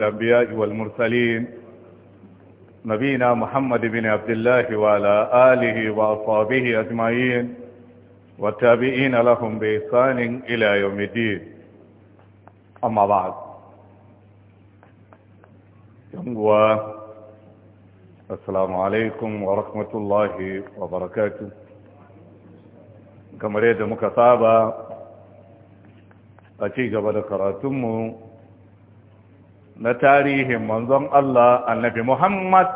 الأنبياء والمرسلين نبينا محمد بن عبد الله وعلى آله وأصحابه أجمعين والتابعين لهم بإحسان إلى يوم الدين أما بعد السلام عليكم ورحمة الله وبركاته كما رأيت مكتابة أتيجب لكراتمه na tarihin manzon Allah annabi Muhammad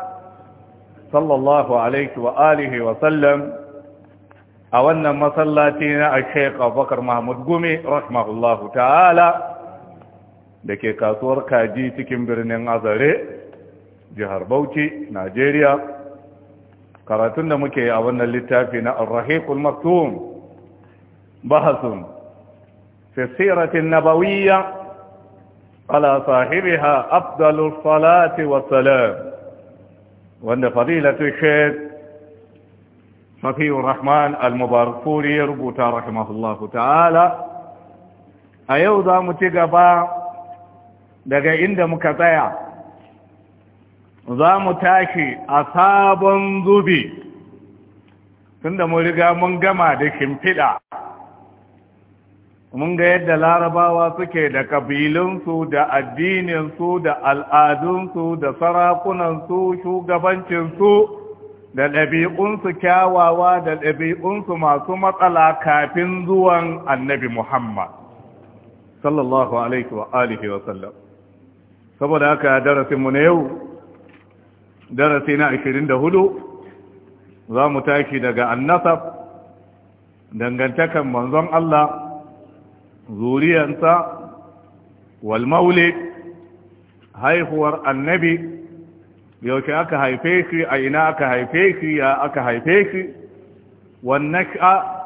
sallallahu alaihi wa alihi wa sallam a wannan masallaci na Sheikh Abubakar Mahmud Gumi rahimahullahu ta'ala dake kasuwar kaji cikin birnin Azare jihar Bauchi Najeriya karatun da muke a wannan littafi na Ar-Rahiqul Maktum bahasun fi siratin nabawiyya ala sahibiha afdalus salati wassalam wanda fadilatu shaykh safi rahman al-mubarakuri ya rubuta rahimahullahu ta'ala a yau za mu ci gaba daga inda muka tsaya za mu tashi a sabon zubi tunda mu riga mun gama da shimfiɗa mun ga yadda larabawa suke da kabilunsu da addininsu da al'adunsu da sarakunansu shugabancinsu da ɗabi'unsu kyawawa da ɗabi'unsu masu matsala kafin zuwan annabi Muhammad sallallahu alaihi wa alihi wa sallam saboda haka darasinmu na yau darasi na 24 za mu tashi daga Annasaf, dangantakan manzon Allah Zuriyarsa wal haihuwar annabi yauke aka haife shi a ina aka haife shi ya aka haife shi wannaka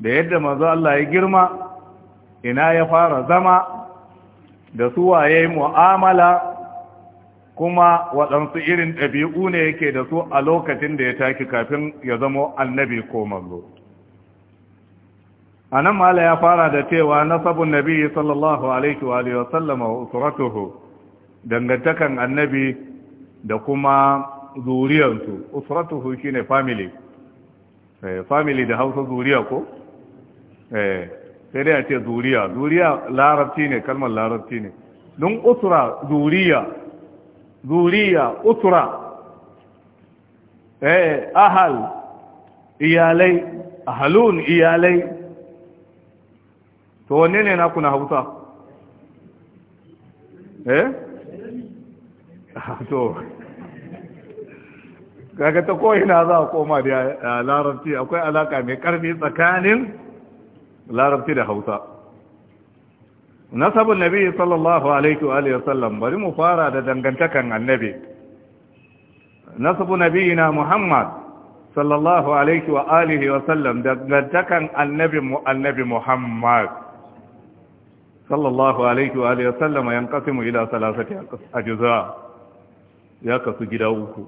da yadda maza Allah ya girma ina ya fara zama da suwa ya yi mu'amala kuma waɗansu irin ɗabi'u ne yake da su a lokacin da ya taki kafin ya zamo annabi ko manzo. a nan mala ya fara da cewa nasabun nabi sallallahu alaihi wa alihi sallama wa usratuhu dangantakan annabi da kuma zuriyarsu usratuhu shine family eh family da Hausa zuriya ko eh sai dai a ce zuriya zuriya larabci ne kalmar larabci ne don usra zuriya zuriya usra eh ahal iyalai ahalun iyalai to wanne ne naku na hausa eh to kaga ta ko'ina za a koma da larabci akwai alaka mai karfi tsakanin larabci da hausa nasabin nabi sallallahu alaihi wa sallam bari mu fara da dangantakan annabi nasabu na muhammad sallallahu alaihi wa sallam dangantakan annabi mu annabi muhammad sallallahu alaihi wa alihi sallama yanqasimu ila salasati ajza ya kasu gida uku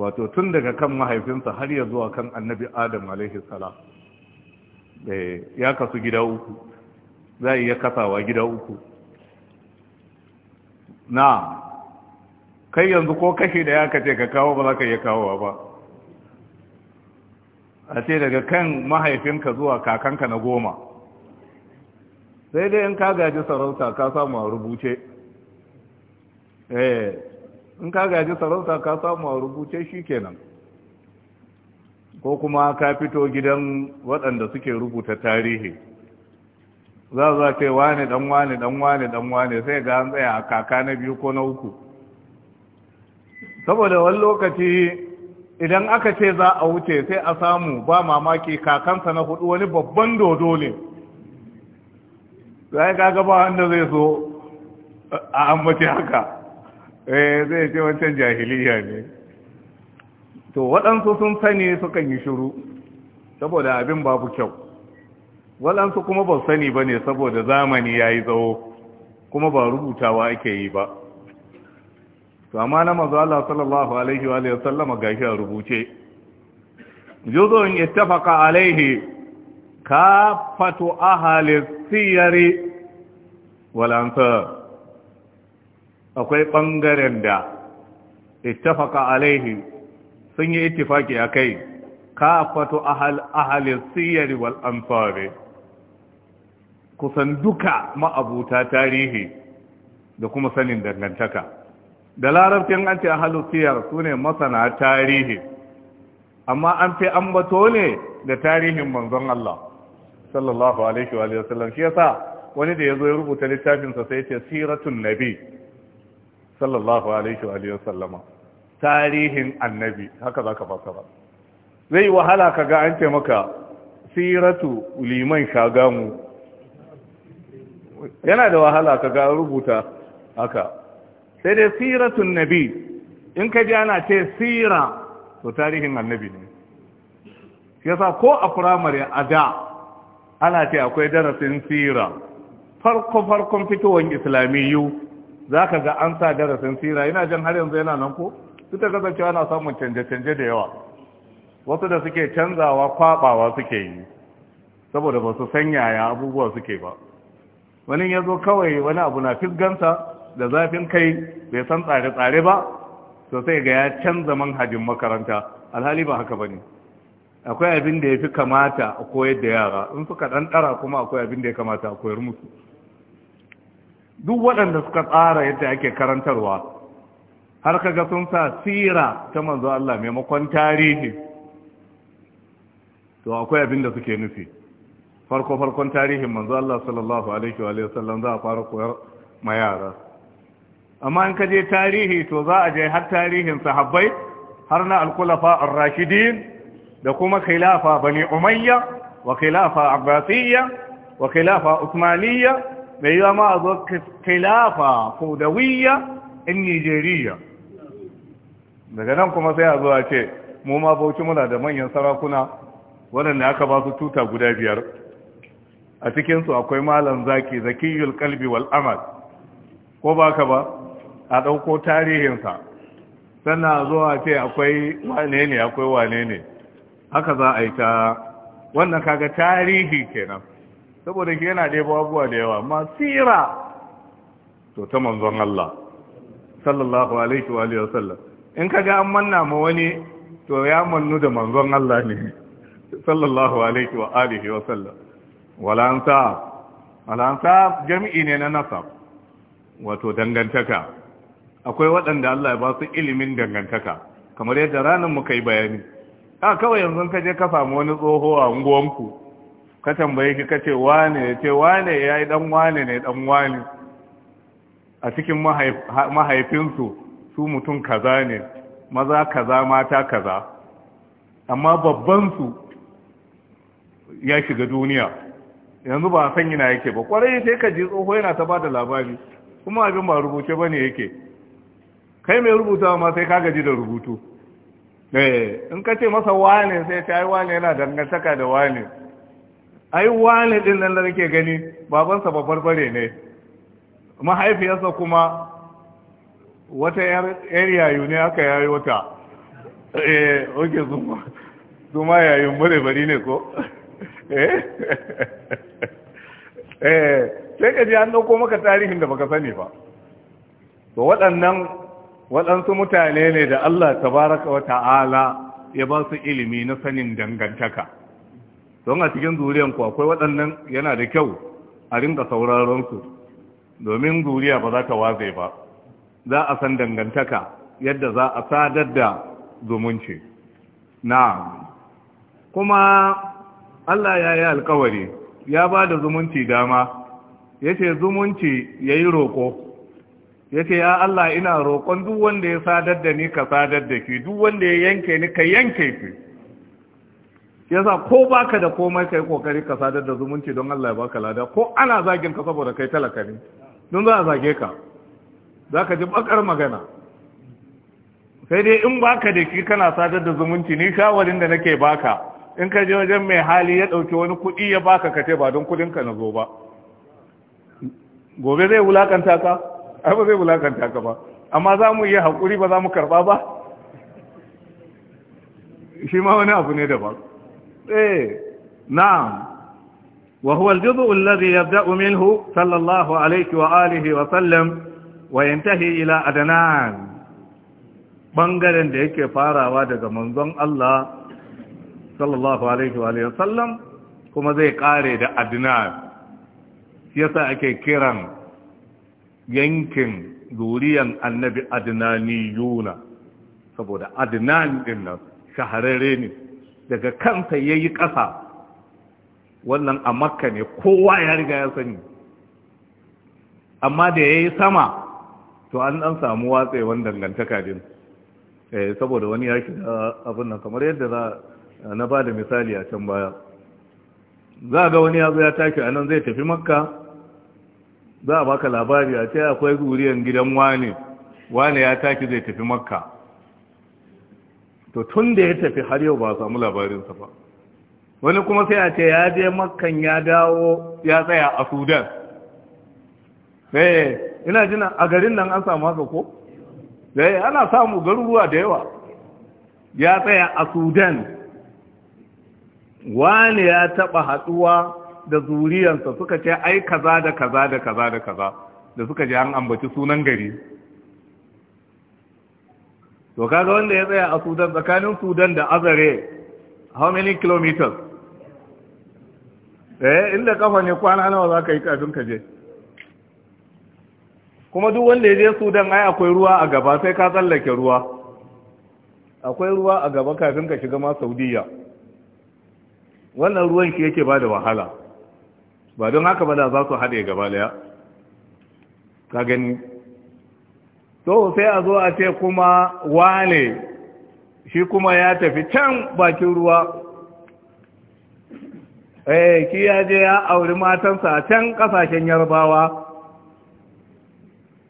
wato tun daga kan mahaifinsa har ya zuwa kan annabi adam alaihi salam eh, ya kasu gida uku za iya kasawa gida uku na kai yanzu ko kashe da ya kace ka kawo ba za ka iya kawowa ba a ce daga kan mahaifinka zuwa kakanka na goma sai dai in ka gaji sarauta ka samu a rubuce eh in ka gaji sarauta ka samu a rubuce shi kenan ko kuma ka fito gidan waɗanda suke rubuta tarihi za za ce wane dan wane dan wane dan sai ga an tsaya a kaka na biyu ko na uku saboda wani lokaci idan aka ce za a wuce sai a samu ba mamaki kakansa na hudu wani babban dodo ne zai kaga ba wanda zai so a ambace haka eh zai ce wancan jahiliya ne to waɗansu sun sani suka yi shiru saboda abin babu kyau waɗansu kuma ba sani ba ne saboda zamani ya yi tsawo kuma ba rubutawa ake yi ba to amma na mazu Allah sallallahu alaihi wa sallama gashi a rubuce juzun ittafaqa alaihi kafatu ahalin siyari walansa akwai ɓangaren da ittafaka alaihi sun yi ittifaki a kai kafatu ahalis siyari walansa kusan duka ma'abuta tarihi da kuma sanin dangantaka da larabcin an ce halusiyar su ne masana tarihi amma an fi ambato ne da tarihin manzon Allah sallallahu alaihi wa sallam shi yasa wani da yazo ya rubuta littafinsa sai ya siratun nabi sallallahu alaihi wa sallama tarihin annabi haka zaka fasara zai wahala kaga an ce maka siratu liman shagamu yana da wahala kaga rubuta haka sai dai siratun nabi in ka ji ana ce sira to tarihin annabi ne yasa ko a firamare a da ana ce akwai darasin sira farko farkon fitowar islamiyu za ka ga an sa darasin sira yana jan har yanzu yana nan ko su ta kasance ana samun canje-canje da yawa wasu da suke canzawa kwabawa suke yi saboda ba su yaya abubuwa suke ba wani ya zo kawai wani abu na fisgansa da zafin kai bai san tsare-tsare ba sosai ga ya canza manhajin makaranta alhali ba haka ba ne akwai abin da ya fi kamata a koyar da yara in suka ɗan ɗara kuma akwai abin da ya kamata a koyar musu duk waɗanda suka tsara yadda ake karantarwa har kaga sun sa tsira ta manzo Allah maimakon tarihi to akwai abin da suke nufi farko farkon tarihin manzo Allah sallallahu alaihi wa sallam za a fara koyar ma yara amma in ka je tarihi to za a je har tarihin sahabbai har na alkulafa ar-rashidin da kuma khilafa bani umayya wa khilafa abbasiyya wa khilafa usmaniyya da yi ma a zo khilafa fudawiyya in nigeria daga nan kuma sai a zuwa ce mu ma bauchi muna da manyan sarakuna waɗanda aka ba su tuta guda biyar a cikinsu akwai malam zaki zakiyul kalbi wal ko ba ka ba a ɗauko tarihinsa sannan a zuwa ce akwai wane ne akwai wane ne haka za a yi ta wannan kaga tarihi kenan saboda ke yana ɗaya abubuwa da yawa masira tsira to ta manzon Allah sallallahu alaihi wa sallam in kaga an manna ma wani to ya mannu da manzon Allah ne sallallahu alaihi wa alihi wa sallam wala ansab wala jami'i ne na nasab wato dangantaka akwai waɗanda Allah ya ba su ilimin dangantaka kamar yadda ranar mu yi bayani a kawai yanzu ka je ka samu wani tsoho a unguwanku ka tambaye ki ka ce wane ya ce wane ya yi dan wane ne dan wane a cikin mahaifinsu su mutum kaza ne maza kaza mata kaza amma babbansu ya shiga duniya yanzu ba san yana yake ba kwarai sai ka ji tsoho yana ta bada labari kuma abin ba rubuce ba ne yake kai mai rubutawa ma sai ka gaji da rubutu Eh, in ka ce masa wane sai ta yi wane yana dangantaka da wane ai wane din nan da nake gani babansa babbar barbare ne mahaifiyarsa kuma wata yar yayu ne aka yayi wata eh oke zuma zuma yayun bare bari ne ko eh eh sai ka ji an dauko maka tarihin da baka sani ba to waɗannan waɗansu mutane ne da Allah tabaraka wa ta'ala ya ba su ilimi na sanin dangantaka don a cikin ku akwai waɗannan yana da kyau a rinka su domin zuriya ba za ta waze ba za a san dangantaka yadda za a sadar da zumunci na kuma Allah ya yi alkawari ya ba da zumunci dama ya ce zumunci ya yi roƙo yake ya Allah ina roƙon duk wanda ya sadar da ni ka sadar da shi duk wanda ya yanke ni ka yanke shi yasa ko baka da komai kai kokari ka sadar da zumunci don Allah ya baka lada ko ana zagin ka saboda kai talaka ne don za a zage ka za ka ji bakar magana sai dai in baka da shi kana sadar da zumunci ni shawarin da nake baka in ka je wajen mai hali ya ɗauki wani kuɗi ya baka ka ce ba don kuɗinka na zo ba gobe zai wulakanta ka ai ba zai wulakanta ka ba amma za mu iya haƙuri ba za mu karɓa ba shi ma wani abu ne daban eh na'am wa huwa al-juz'u alladhi yabda'u minhu sallallahu alayhi wa alihi wa sallam wa yantahi ila adnan bangaren da yake farawa daga manzon Allah sallallahu alaihi wa alihi wasallam kuma zai kare da adnan yasa ake kiran yankin zuriyan annabi adnani yuna saboda adnan din nan shahararre ne daga kansa yayi ƙasa wannan a makka ne kowa ya riga ya sani amma da yayi sama to an dan samu watsewan dangantaka din eh saboda wani ya shiga abin nan kamar yadda za na bada misali a can baya za ga wani ya zo ya tashi a nan zai tafi makka za a baka labari a ce akwai zuriyar gidan wane wane ya taki zai tafi makka to tun da ya tafi har yau ba a samu labarinsa ba wani kuma sai a ce ya je makkan ya dawo ya tsaya a sudan eh ina jina a garin nan an samu haka ko eh ana samu garuruwa da yawa ya tsaya a sudan wane ya taba haduwa da zuriyarsa suka ce ai kaza da kaza da kaza da kaza da suka ji an ambaci sunan gari to kaga wanda ya tsaya a sudan tsakanin sudan da azare how many kilometers eh inda kafa ne kwana nawa za ka yi kafin ka je kuma duk wanda ya je sudan ai akwai ruwa a gaba sai ka tsallake ruwa akwai ruwa a gaba kafin ka shiga ma saudiya wannan ruwan shi yake ba da wahala ba don haka ba da za su haɗe gaba daya ka gani to sai a zo a ce kuma wane shi kuma ya tafi can bakin ruwa eh ki ya je ya auri matansa a can kasashen yarbawa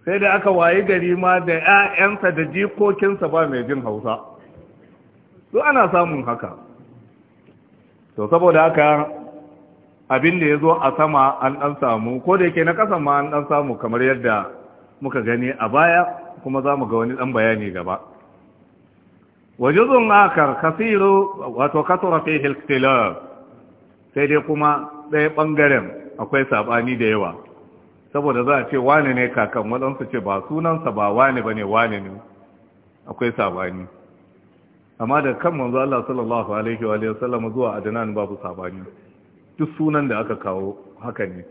sai da aka wayi gari ma da 'ya'yansa da jikokinsa ba mai jin hausa to ana samun haka to saboda haka abin da ya zo a sama an ɗan samu ko da yake na ƙasa ma an ɗan samu kamar yadda muka gani a baya kuma za mu ga wani ɗan bayani gaba zun akar kasiru wato kasura fi sai dai kuma ɗaya ɓangaren akwai saɓani da yawa saboda za a ce wane ne kakan waɗansu ce ba sunansa ba wane ba ne wane ne akwai saɓani amma da kan manzo Allah sallallahu alaihi wa sallam zuwa adnan babu saɓani duk sunan da aka kawo haka ne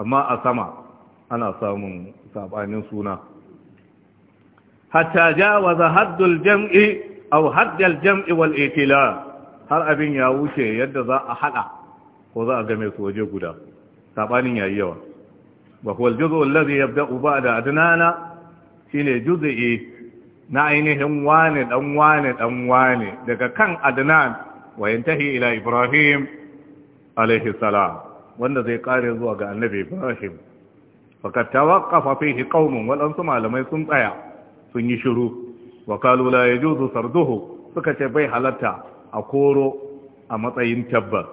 amma a sama ana samun sabanin suna hatta jawaza haddul jam'i aw haddal jam'i wal itila har abin ya wuce yadda za a hada ko za a game su waje guda sabanin yayi yawa wa huwa al-juz'u alladhi yabda'u ba'da adnana shine juz'i na ainihin wane dan wane dan wane daga kan adnan wa yantahi ila ibrahim alaihi salam wanda zai kare zuwa ga annabi ibrahim fakat tawaqqafa fihi qaumun waɗansu malamai sun tsaya sun yi shiru wa qalu la yajuzu sarduhu suka ce bai halatta a koro a matsayin tabbas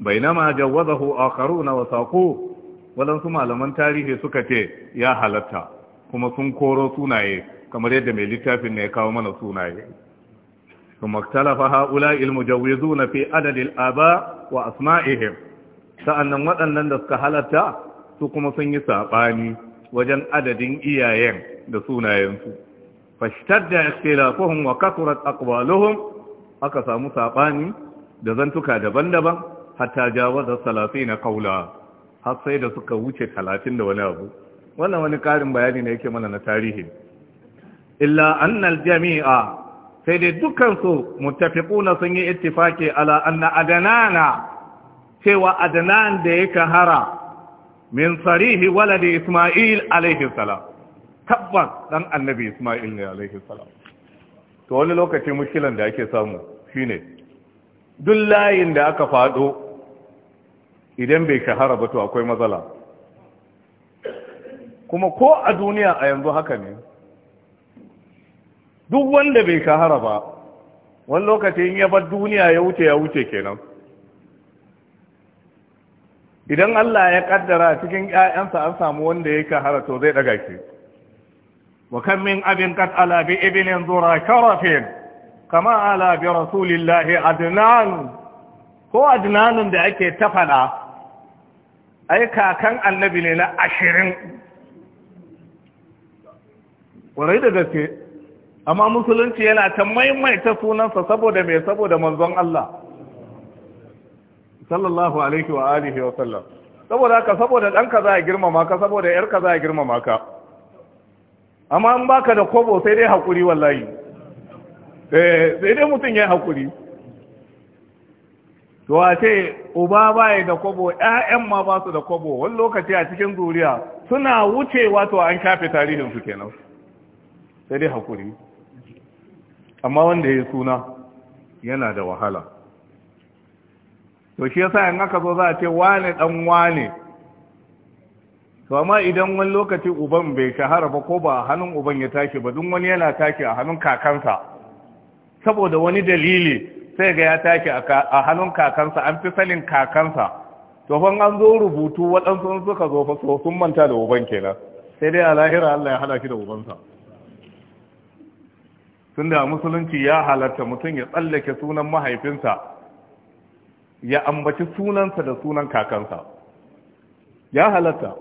bainama jawazahu akharuna wa saqu waɗansu malaman tarihi suka ce ya halatta kuma sun koro sunaye kamar yadda mai littafin ne ya kawo mana sunaye ثم اختلف هؤلاء المجوزون في عدد الآباء وأسمائهم sa'annan waɗannan da suka halarta su kuma sun yi saɓani wajen adadin iyayen da sunayensu fashtar da ikhtilafuhum wa kasurat aqwaluhum aka samu saɓani da zantuka daban-daban hatta jawaza na qawla har sai da suka wuce talatin da wani abu wannan wani ƙarin bayani ne yake mana na tarihi illa annal jami'a sai dai dukansu mutafiquna sun yi ittifaki ala anna adanana cewa adanan da ya kahara min sarihi waladi isma'il alaihi salam tabbas dan annabi isma'il ne alaihi salam to wani lokaci mushkilan da ake samu shine duk layin da aka fado idan bai shahara ba to akwai matsala kuma ko a duniya a yanzu haka ne duk wanda bai kahara ba wani lokacin ya bar duniya ya wuce ya wuce kenan idan Allah ya kaddara cikin ƴaƴansa an samu wanda ya kahara to zai daga shi wa kan min abin qad ala bi ibnin zura karafin kama ala bi rasulillahi adnan ko adnanun da ake ta ai kakan annabi ne na ashirin ƙwarai da gaske amma musulunci yana ta maimaita sunansa saboda mai saboda manzon Allah sallallahu alaihi wa alihi wa sallam saboda ka saboda ɗanka za a girmama ka saboda ƴarka za a girmama ka amma an baka da kobo sai dai haƙuri wallahi eh, sai dai mutum ya haƙuri to a ce uba baya da kobo ƴaƴan ma ba su da kobo wani lokaci a cikin zuriya suna wucewa to an kafe tarihin su kenan sai dai haƙuri amma wanda ya yi suna yana da wahala yaushe yasa in aka zo za a ce wane dan wane to amma idan wani lokaci uban bai shahara ba ko ba hannun uban ya tashi ba duk wani yana tashi a hannun kakansa saboda wani dalili sai ga ya tashi a hannun kakansa an fi sanin kakansa to fa an zo rubutu waɗansu suka zo fa sun manta da uban kenan sai dai a lahira Allah ya hada shi da ubansa tunda musulunci ya halatta mutum ya tsallake sunan mahaifinsa ya ambaci sunansa da sunan kakansa ya halatta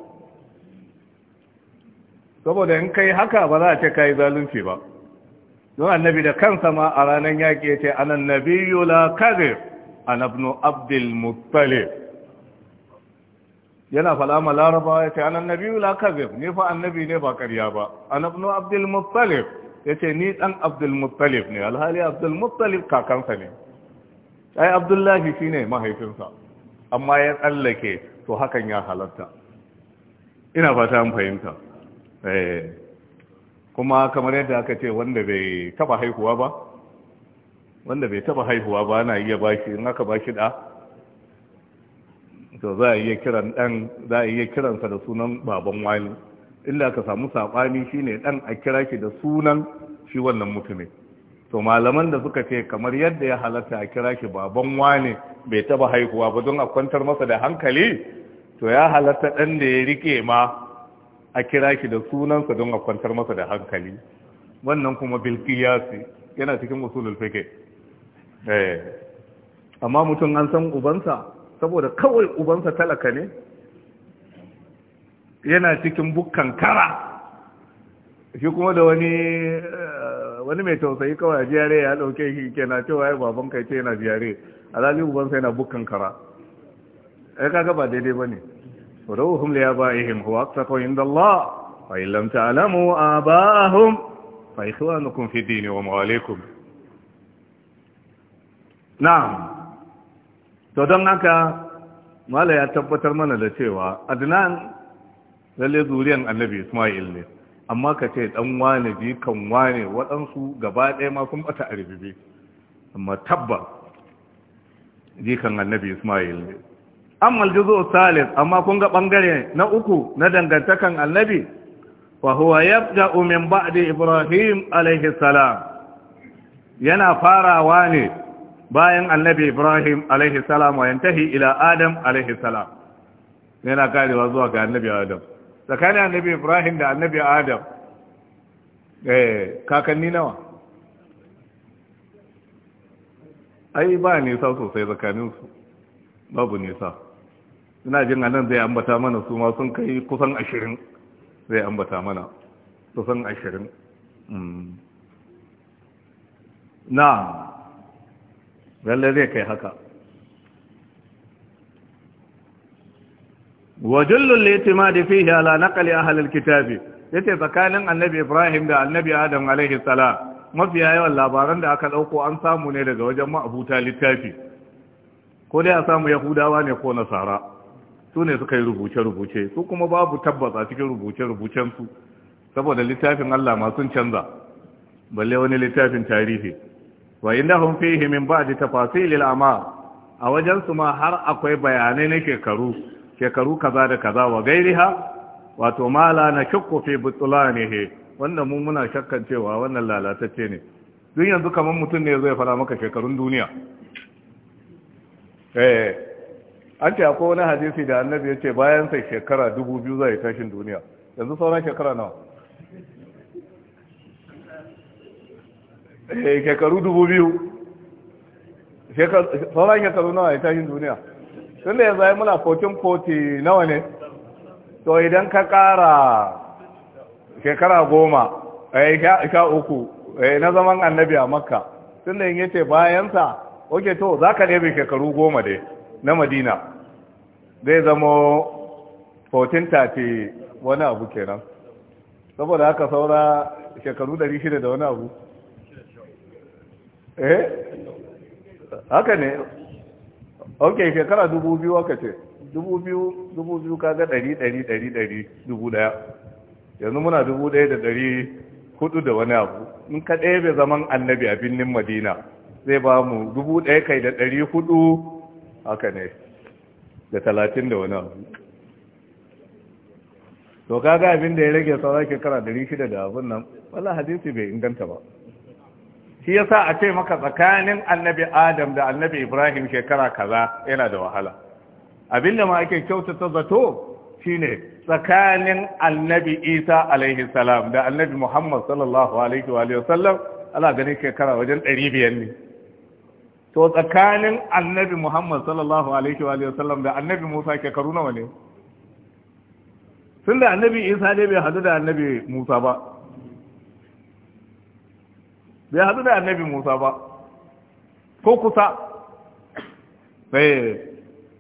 saboda in kai haka ba za a ce ka yi zalunci ba don annabi da kansa ma a ranar yaƙi ya ce anan nabiyu la kadir a abnu abdul yana falama laraba ya ce anan nabiyu la kadir ne fa annabi ne ba karya ba a abnu abdul ya ce ni ɗan abdulmuttalif ne alhali abdulmuttalif kakansa ne ai abdullahi shi ne mahaifinsa amma ya tsallake to hakan ya halatta ina fata an fahimta eh. kuma kamar yadda aka ce wanda bai taba haihuwa ba wanda bai taba haihuwa ba na iya bashi in aka bashi da to za a iya za a iya kiransa da sunan baban wani illa ka samu saɓani shine ɗan a kira shi da sunan shi wannan mutumin to malaman da suka ce kamar yadda ya halatta a kira shi baban wane bai taba haihuwa ba don a kwantar masa da hankali to ya halatta ɗan da ya rike ma a kira shi da sunansa don a kwantar masa da hankali wannan kuma bilkiyasi yana cikin usulul fiqh eh amma mutum an san ubansa saboda kawai ubansa talaka ne yana cikin bukkan kara shi kuma da wani eh, wani mai tausayi kawai a jiyare ya dauke shi na cewa ya baban kai ce yana jiyare alhali uban sai na bukkan kara ai kaga ba daidai bane ruhum li abaihim huwa aqsaqu inda Allah fa in lam ta'lamu abahum fa ikhwanukum fi dini wa mawalikum na'am to don haka mala ya tabbatar mana da cewa adnan lalle zuriyan annabi Ismail ne amma ka ce dan wane kan wane waɗansu gaba ɗaya ma sun bata arzibi amma tabba jikan annabi Ismail ne amma aljuzu salis amma kun ga bangare na uku na dangantakan annabi fa huwa yabda min ba'di Ibrahim alaihi salam yana farawa ne bayan annabi Ibrahim alaihi salam wa yantahi ila Adam alaihi salam yana karewa zuwa ga annabi Adam tsakanin annabi ibrahim da annabi adam eh kakanni nawa ai ba nisa sosai tsakaninsu babu nisa ina jin anan zai ambata mana su ma sun kai kusan ashirin zai ambata mana kusan ashirin mm. na lalle zai kai haka wa jullul da fihi ala naqli ahli alkitabi yace tsakanin annabi Ibrahim da annabi Adam alaihi salam mafiya yawan labaran da aka ɗauko an samu ne daga wajen ma'abuta littafi ko dai a samu yahudawa ne ko nasara su ne suka yi rubuce-rubuce su kuma babu a cikin rubuce-rubucensu saboda littafin Allah ma sun canza balle wani littafin tarihi wa innahum fihi min ba'di tafasilil amma a wajen su ma har akwai bayanai na shekaru shekaru kaza da kaza wa gairiha wato mala na shakku fi butulanihi wannan mu muna shakkan cewa wannan lalatacce ne duk yanzu kamar mutum ne zai fara maka shekarun duniya eh an ce akwai wani hadisi da annabi ya ce bayan sai shekara dubu biyu zai tashin duniya yanzu sauran shekara nawa eh shekaru dubu biyu sauran shekaru nawa ya tashin duniya tun da yanzu ai muna 1440 nawa ne to idan ka ƙara shekara goma eh, sha uku eh, na zaman annabi a makka tun da yin yace bayansa oke to za ka ɗebe shekaru goma dai na madina zai zamo 1430 wani abu kenan saboda haka saura shekaru 600 da wani abu eh haka ne ok shekara dubu biyu aka ce dubu biyu dubu biyu kaga ɗari ɗari ɗari ɗari dubu ɗaya yanzu muna dubu ɗaya da ɗari hudu da wani abu in ka ɗaya bai zaman annabi a birnin madina zai ba mu dubu ɗaya kai da ɗari hudu haka ne da talatin da wani abu to kaga abin da ya rage sauran shekara ɗari shida da abin nan wala hadisi bai inganta ba shi yasa a ce maka tsakanin annabi adam da annabi ibrahim shekara kaza yana da wahala abin da ma ake kyautata zato shine tsakanin annabi isa alaihi salam da annabi muhammad sallallahu alaihi wa sallam ana ganin shekara wajen ɗari biyar ne to tsakanin annabi muhammad sallallahu alaihi wa sallam da annabi musa shekaru nawa ne tun da annabi isa dai bai hadu da annabi musa ba bai hadu da annabi musa ba ko kusa sai eh,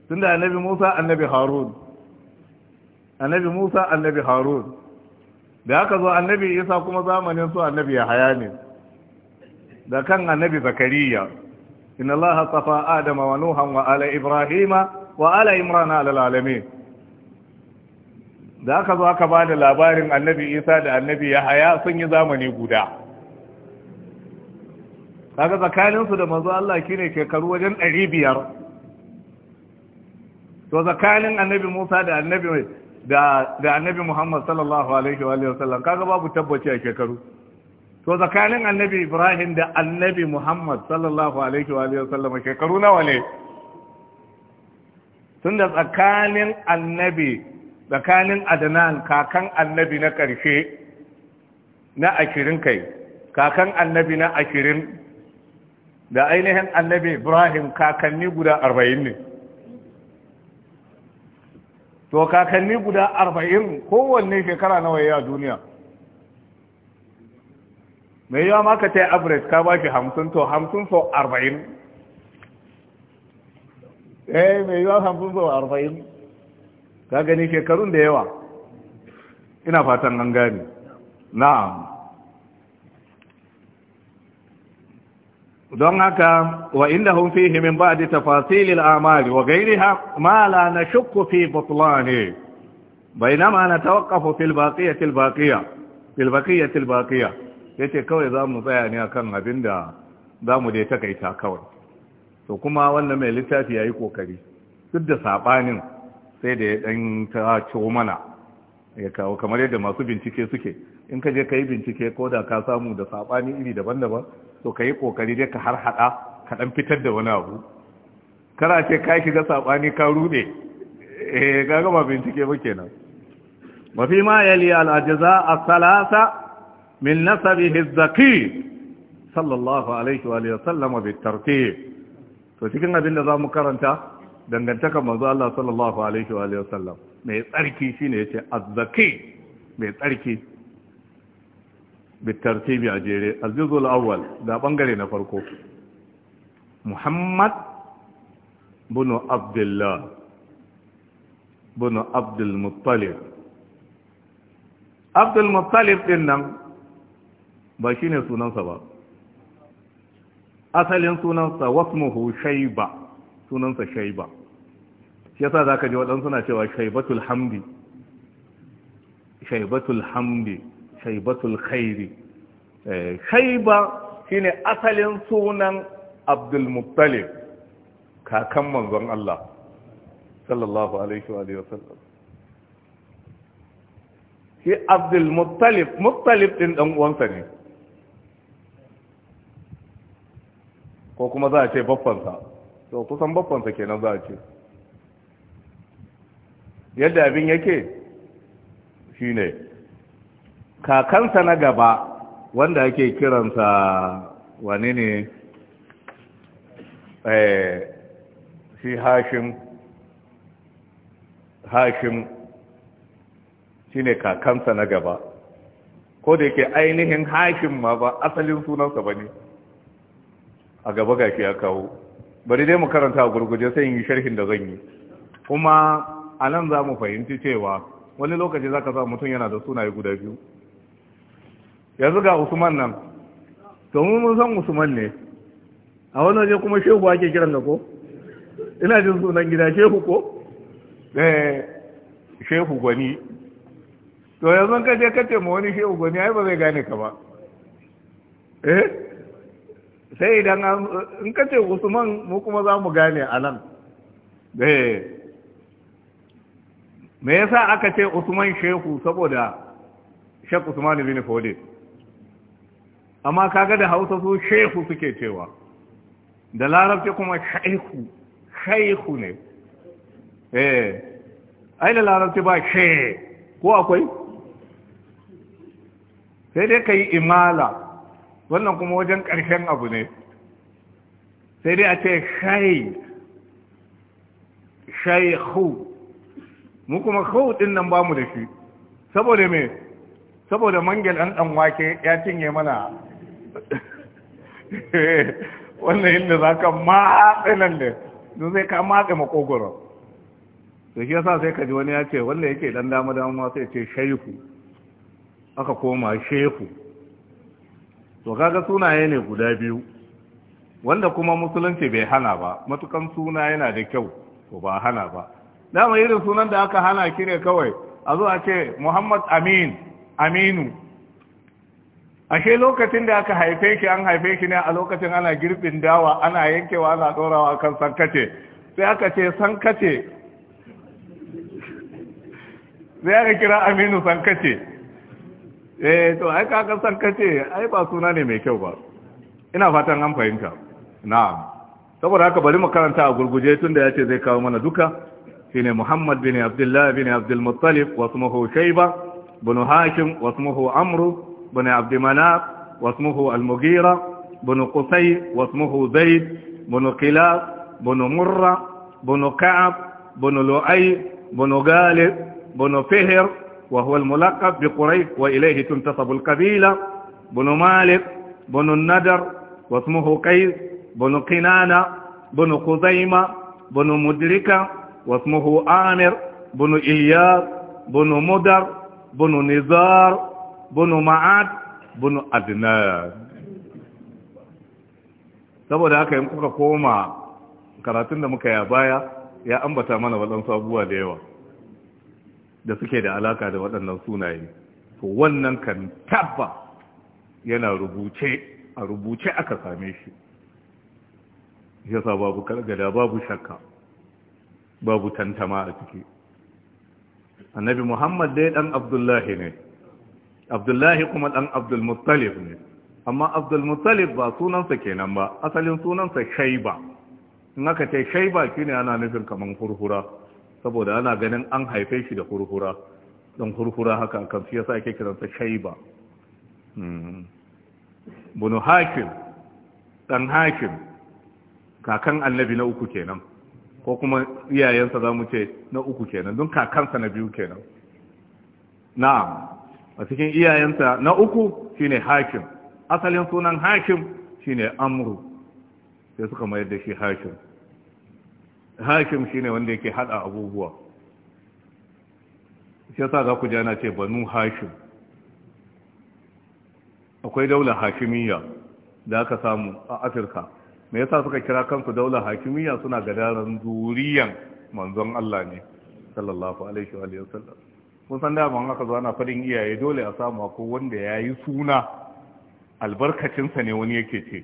tun da annabi musa annabi harun annabi musa annabi harun da aka zo annabi isa kuma zamanin su annabi ya haya ne da kan annabi zakariya inna allaha safa adama wa nuhan wa ala ibrahima wa ala imrana ala alamin da aka zo aka ba da labarin annabi isa da annabi ya haya sun yi zamani guda kaga tsakaninsu da manzo Allah shine shekaru wajen ɗari biyar to tsakanin annabi Musa da annabi da da annabi Muhammad sallallahu alaihi wa alihi wasallam kaga babu tabbaci a shekaru to tsakanin annabi Ibrahim da annabi Muhammad sallallahu alaihi wa alihi wasallam shekaru nawa ne tunda tsakanin annabi tsakanin Adnan kakan annabi na ƙarshe na 20 kai kakan annabi na da ainihin annabi ibrahim kakanni guda arba'in ne to kakanni guda arba'in kowanne shekara nawa ya duniya mai yawa maka ta yi average ka ba shi hamsin to hamsin so arba'in eh mai yawa hamsin so arba'in ka gani shekarun da yawa ina fatan an gani na'am don haka wa inda hun fi himin ba da tafasilil amali wa gairi ha mala na shukku fi bai na ma na tawakafu filbaƙiya filbaƙiya filbaƙiya filbaƙiya ya ce kawai za mu tsaya ne a kan abin da za mu dai takaita kawai to kuma wannan mai littafi ya yi ƙoƙari duk da saɓanin sai da ya ɗan ta mana ya kawo kamar yadda masu bincike suke in ka je ka yi bincike ko da ka samu da saɓani iri daban-daban to ka yi ƙoƙari dai ka har haɗa ka ɗan fitar da wani abu kana ce ka shiga saɓani ka rude eh ka gama bincike ba nan. mafi ma yali al'ajiza a salasa min nasabi hizzaki sallallahu alaihi wa sallam bi tartib to cikin abin da za mu karanta dangantaka manzo Allah sallallahu alaihi wa sallam mai tsarki shine yace azzaki mai tsarki bitartibi a jere aljuzul awwal da bangare na farko muhammad bunu abdullah bunu abdul muttalib abdul nan ba shine sunansa ba asalin sunansa wasmuhu Shaiba, sunansa shayba shi yasa zaka ji waɗansu na cewa shaybatul hamdi shaybatul hamdi shaibatul khairi eh, shaiba shine asalin sunan Abdul muttalib kakan manzon Allah sallallahu alaihi wa sallam shi abdul muttalib din dan uwansa ne ko kuma za a ce baffansa to kusan baffansa kenan za a ce yadda abin yake shine kakansa na gaba wanda ake kiransa wani ne eh, shi hashim hashim shi ne kakansa na gaba ko da yake ainihin hashim ma ba asalin sunansa ba ne a gaba gashi ya kawo bari dai mu karanta a gurguje sai yi sharhin da zan yi kuma a nan za mu fahimci cewa wani lokaci za ka sa mutum yana da sunaye guda biyu yanzu ga usman nan to mu mun san usman ne a wani waje kuma shehu ake kiran da ko ina jin sunan gida shehu ko eh shehu gwani to yanzu ka je ka ce ma wani shehu gwani ai ba zai gane ka ba eh sai idan in ka ce usman mu kuma za mu gane a nan eh me yasa aka ce usman shehu saboda shek usman ibn fodin amma kaga da hausa su shehu suke cewa da larabci kuma shehu shehu ne eh ai da larabci ba she ko akwai sai dai ka yi imala wannan kuma wajen ƙarshen abu ne sai dai a ce shai shai mu kuma hu ɗin nan ba mu da shi saboda me saboda mangel an ɗan wake ya cinye mana wannan inda za ka matse nan ne, sun sai ka matse makogoro da shi yasa sai ka ji wani ya ce wanda yake dan dama dama sai ce shaifu aka koma shehu to kaga sunaye ne guda biyu wanda kuma musulunci bai hana ba matukan suna yana da kyau to ba hana ba dama irin sunan da aka hana ne kawai a zo a ce muhammad amin aminu ashe lokacin da aka haife shi an haife shi ne a lokacin ana girbin dawa ana yankewa ana dorawa kan sankace sai aka ce sankace sai aka kira aminu sankace eh to ai kaga sankace ai ba suna ne mai kyau ba ina fatan an fahimta na'am saboda haka bari mu karanta a gurguje tunda yace zai kawo mana duka shine Muhammad bin Abdullah bin Abdul Muttalib wa ismuhu Shayba bin Hashim wa ismuhu Amr بن عبد مناف واسمه المغيرة بن قصي واسمه زيد بن كلاب بن مرة بن كعب بن لؤي بن غالب بن فهر وهو الملقب بقريش وإليه تنتسب القبيلة بن مالك بن الندر واسمه قيس بن قنانة بن خزيمة بن مدركة واسمه آمر بن إياس بن مدر بن نزار bunu ma'ad bunu adnar saboda haka yin kuka koma karatun da muka ya baya ya ambata mana waɗansu abubuwa da yawa da suke da alaka da waɗannan sunaye to wannan kan tabba yana rubuce a rubuce aka same shi yasa babu kargada babu shakka babu tantama a ciki annabi muhammad dai dan abdullahi ne abdullahi kuma ɗan abdul Muttalif ne amma abdul Muttalif ba sunansa kenan ba asalin sunansa shaiba in aka ce shaiba ne ana nufin kamar hurhura saboda ana ganin an haife shi da hurhura don hurhura haka kan shi yasa ake kiransa shaiba hmm. bunu hakim dan hakim kakan annabi na uku kenan ko kuma iyayensa za mu ce na uku kenan don kakansa na biyu kenan na'am a cikin iyayensa na uku shine hakim asalin sunan hakim shine amru sai suka mayar da shi hakim hakim shine wanda yake hada abubuwa shi yasa za ku ji ana ce banu hakim akwai daular hakimiyya da aka samu a afirka me yasa suka kira kansu daular hakimiyya suna gadaran zuriyan manzon Allah ne sallallahu alaihi wa sallam kun san daman aka zo ana fadin iyaye dole a samu ko wanda ya yi suna albarkacinsa ne wani yake ce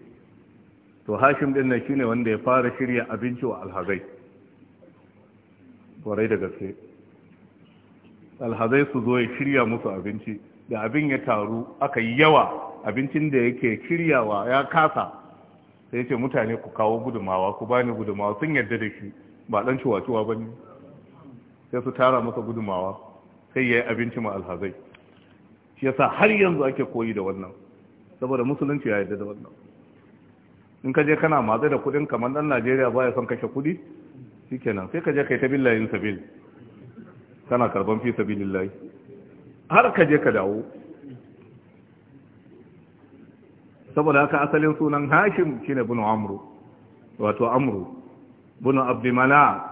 to hashim din nan shine wanda ya fara shirya abinci wa alhazai kwarai da gaske alhazai su zo ya shirya musu abinci da abin ya taru aka yi yawa abincin da yake shiryawa ya kasa sai ce mutane ku kawo gudumawa ku bani gudumawa sun yarda da shi ba dan ciwaciwa ba ne sai su tara masa gudumawa sai ya yi abinci ma alhazai shi yasa har yanzu ake koyi da wannan saboda musulunci ya yarda da wannan in ka je kana matsa da kudin kamar dan Najeriya baya son kashe kudi shikenan sai ka je kai ta billahi sabil kana karban fi sabilillahi har ka je ka dawo saboda haka asalin sunan Hashim shine bin Amru wato Amru bin mana,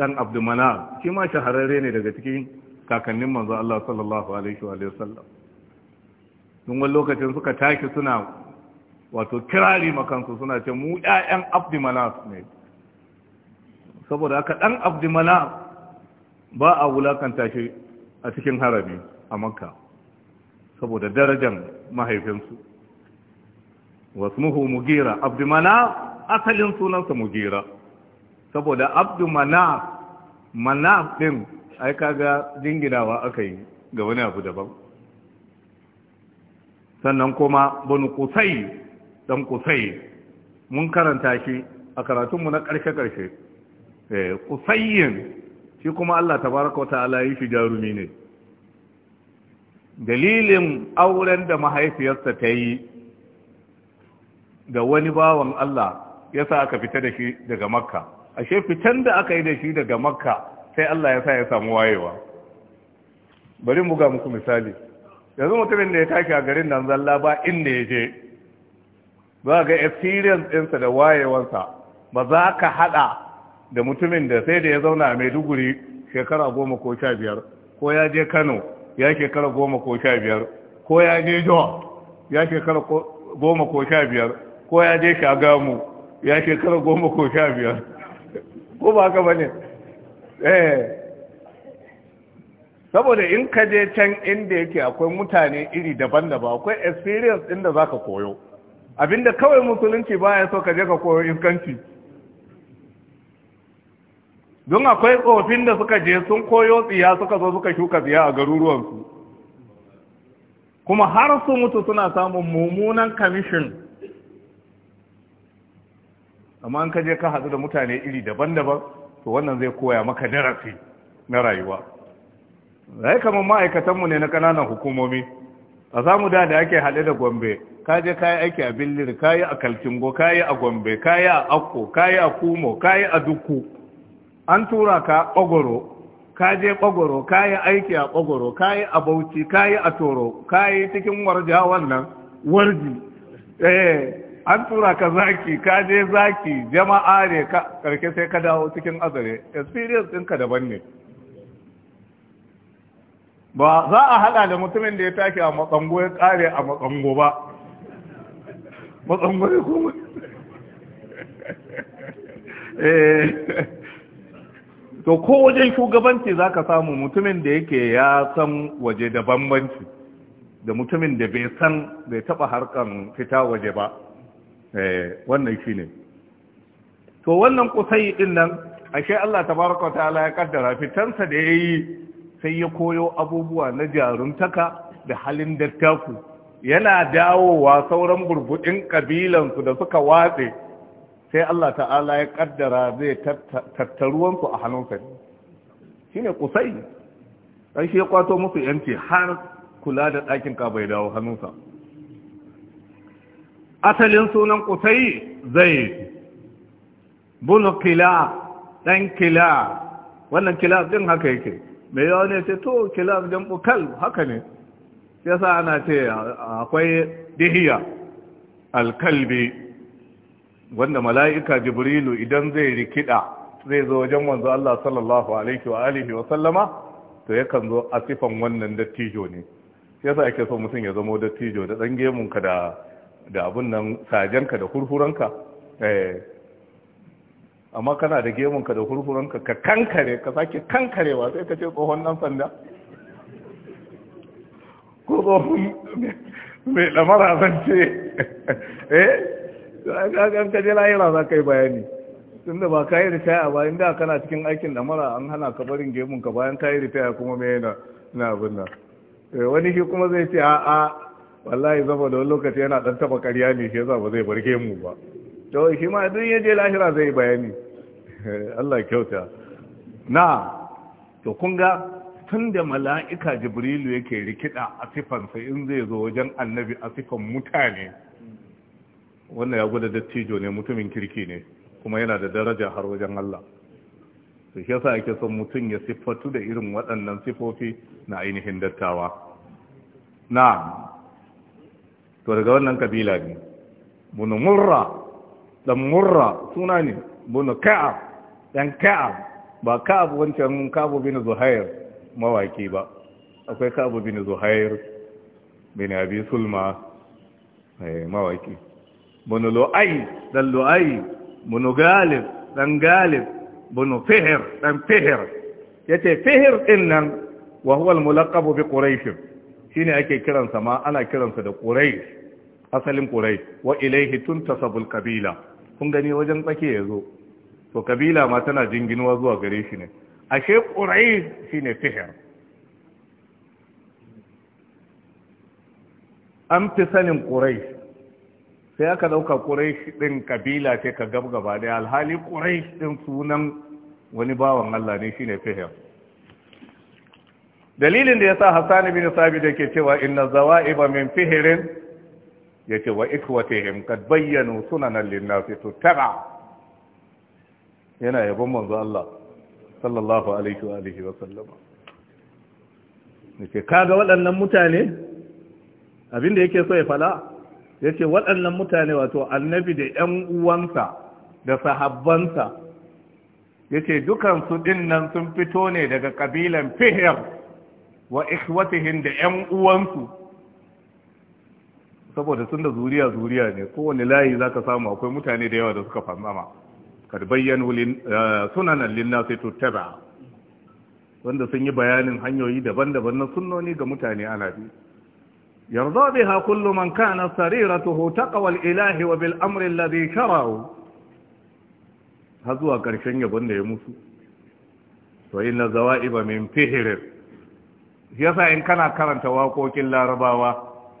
dan mana. shi ma shahararre ne daga cikin kakannin manzo Allah sallallahu alaihi wa sallam tun wani lokacin suka tashi suna wato kirari makansu suna ce mu ƴaƴan abdi manaf ne saboda haka dan abdi ba a wulakanta shi a cikin harami a makka saboda darajar mahaifinsu wasmuhu mugira abdi manaf asalin sunansa mugira saboda abdu manaf manaf din ai kaga jinginawa aka yi ga wani abu daban sannan kuma banu kusai dan kusai mun karanta shi a karatunmu na ƙarshe-ƙarshe Kusayin eh, shi kuma Allah tabaraka ta'ala yi shi jarumi ne dalilin auren da mahaifiyarsa ta yi ga wani bawan Allah ya sa aka fita da shi daga makka ashe fitan da aka yi da shi daga makka sai Allah ya sa ya samu wayewa bari mu ga muku misali yanzu mutumin da ya tashi a garin nan zalla ba inda ya je za ga experience ɗinsa da wayewansa ba za ka haɗa da mutumin da sai da ya zauna a maiduguri shekara goma ko sha biyar ko ya je kano ya shekara goma ko sha biyar ko ya je jos ya shekara goma ko sha biyar ko ya je shagamu ya shekara goma ko sha biyar ko ba haka ba ne Eh. saboda in ka je can inda yake akwai mutane iri daban-daban akwai experience inda da zaka koyo abinda kawai musulunci baya so ka je ka koyo iskanci don akwai tsofin da suka je sun koyo tsiya suka zo suka shuka tsiya a garuruwansu kuma har su mutu suna samun mummunan kamishin amma an kaje ka hadu da mutane iri daban-daban to wannan zai koya maka darasi na rayuwa zai kamar ma'aikatanmu ne na kananan hukumomi a samu da da ake haɗe da gombe ka je kayi aiki a billir kayi a kaltingo kayi a gombe kayi a akko kayi a kumo kayi a duku an tura ka ɓagoro ka je ɓagoro kayi aiki a ɓagoro kayi a bauchi kayi a toro kayi cikin a wannan warji eh an tura ka zaki ka je zaki jama'a ne ka karke sai ka dawo cikin azare experience ɗinka daban ne ba za a haɗa da mutumin da ya tashi a matsango ya ƙare a matsango ba matsango ne kuma eh. to ko wajen shugabanci za ka samu mutumin da yake ya san waje da bambanci da mutumin da bai san bai taɓa harkan fita waje ba Eh, wannan shi ne to wannan kusai din nan ashe Allah baraka wa ta'ala ya kaddara fitansa da ya yi sai ya koyo abubuwa na jaruntaka da halin dattaku yana dawowa sauran burbuɗin kabilansu da suka watse sai Allah ta'ala ya kaddara zai tattaruwansu a hannunsa shi ne kusai ɗan shi ya kwato musu yanci har kula da ɗakin ka bai dawo hannunsa asalin sunan Kusai zai bunu kila ɗan kila wannan kila ɗin haka yake mai yawon ne ce to kila ɗin bukal haka ne ya sa ana ce akwai dihiya alkalbi wanda mala'ika jibrilu idan zai rikida zai zo wajen wanzu Allah sallallahu alaihi wa alihi wa sallama to yakan zo a sifan wannan dattijo ne ya sa ake so mutum ya zamo dattijo da ɗan ka da da abun nan sajenka da hurhuranka eh, amma kana da gemunka da hurhuranka ka kankare ka sake kankarewa sai ka ce tsohon nan sanda ko tsohon mai lamara zan ce eh an kaje lahira za ka yi bayani tun da ba ka yi ritaya ba inda kana cikin aikin lamara an hana ka barin gemunka bayan ka yi ritaya kuma mai na abin nan eh, wani shi kuma zai ce a'a wallahi saboda wani lokaci yana dan taba karya ne shi yasa ba zai barke mu ba to shi ma duk ya je lahira zai bayani eh, Allah kyauta na to kun ga tun da mala'ika jibrilu yake rikida a sai in zai zo wajen annabi a sifan mutane wannan ya gwada dattijo ne mutumin kirki ne kuma yana da daraja har wajen Allah to shi yasa yake son mutum ya siffatu da irin waɗannan sifofi na ainihin dattawa Na. to daga wannan kabila ne bunu murra dan murra suna ne bunu ka'a dan ka'a ba ka'a wancan ka'abu bin zuhair mawaki ba akwai ka'abu bin zuhair bin abi sulma eh, mawaki bunu lu'ai dan lu'ai bunu galib dan galib bunu fihir dan fihir yace fihir din nan wa huwa al-mulaqab bi quraish Shi ne ake kiransa ma ana kiransa da ƙurai, asalin ƙurai, wa tun tasabul kabila kun gani wajen ya zo. to kabila ma tana jinginuwa zuwa gare shi ne ashe ƙurai shi ne fihar an fi sanin ƙurai, sai aka ɗauka ƙurai ɗin kabila ce ka gabgaba da alhali ƙurai ɗin sunan wani bawan Allah ne shi ne fihar dalilin da ya sa Hassan bin Sabit ke cewa inna zawaiba min ya ce wa ikwatihim kad bayyanu sunanan lin su tutaba yana yabon manzo Allah sallallahu alaihi wa alihi wa sallama yace kaga waɗannan mutane abinda yake so ya fala yace waɗannan mutane wato annabi da ƴan uwansa da sahabbansa yace dukan su dinnan sun fito ne daga kabilan fihir. wa ikhwatihim da ƴan uwansu saboda sun da zuriya zuriya ne kowane layi zaka samu akwai mutane da yawa da suka famama kad bayyanu eh, sunanan linnasi tuttaba wanda sun yi bayanin hanyoyi daban-daban na sunnoni ga mutane ana bi yarda biha kullu man kana sariratuhu taqwa ilahi wa bil amri alladhi shara'u har zuwa karshen yabon da ya musu to inna zawa'iba min fihrir yasa in kana karanta wakokin larabawa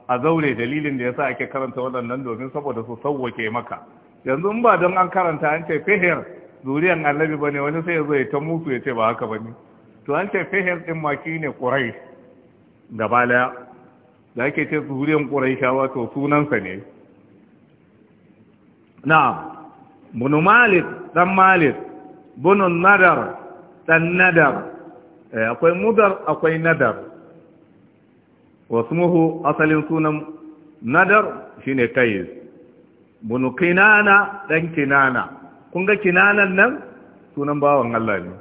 a zaure dalilin da yasa ake karanta waɗannan domin saboda su sauwake maka yanzu in ba don an karanta an ce fihir zuriyan annabi ba ne wani sai ya zo ya ta musu ya ce ba haka ba ne to an ce fihir ɗin ma shi ne ƙurai da balaya da ake ce zuriyan ƙurai shawa to sunansa ne Na, bunu malik dan malik bunun nadar dan nadar Eh, akwai mudar akwai nadar wasu asalin sunan nadar shine kai bunu kinana dan kinana kun ga kinanan nan sunan bawan Allah ne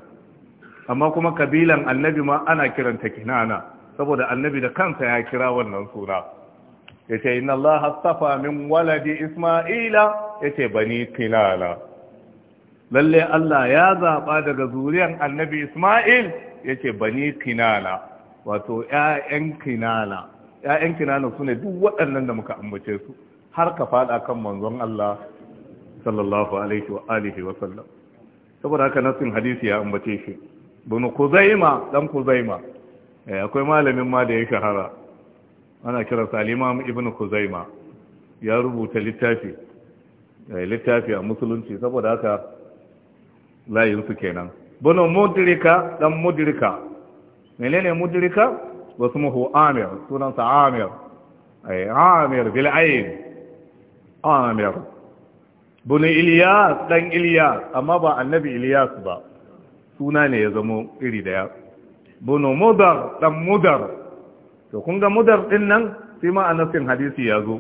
amma kuma kabilan annabi ma ana kiranta kinana saboda annabi da kansa ya kira wannan suna yace inna Allah astafa min waladi isma'ila yace bani kinana lalle Allah ya zaba daga zuriyar annabi isma'il yace bani kinana wato ƴaƴan kinana ƴaƴan kinana su ne duk waɗannan da muka ambace su har ka faɗa kan manzon Allah sallallahu alaihi wa alihi wa sallam saboda haka nasin hadisi ya ambace shi bin kuzaima dan kuzaima eh, akwai malamin ma da ya shahara ana kira salimam ibn kuzaima ya rubuta littafi eh, littafi a musulunci saboda haka layinsu kenan bunu mudrika dan mudrika menene mudrika wasmuhu amir sunansa amir ay amir bil ayn amir bunu ilyas dan ilyas amma ba annabi ilyas ba suna ne ya zamo iri daya bunu mudar dan mudar to kun ga mudar din nan sai ma annabin hadisi ya zo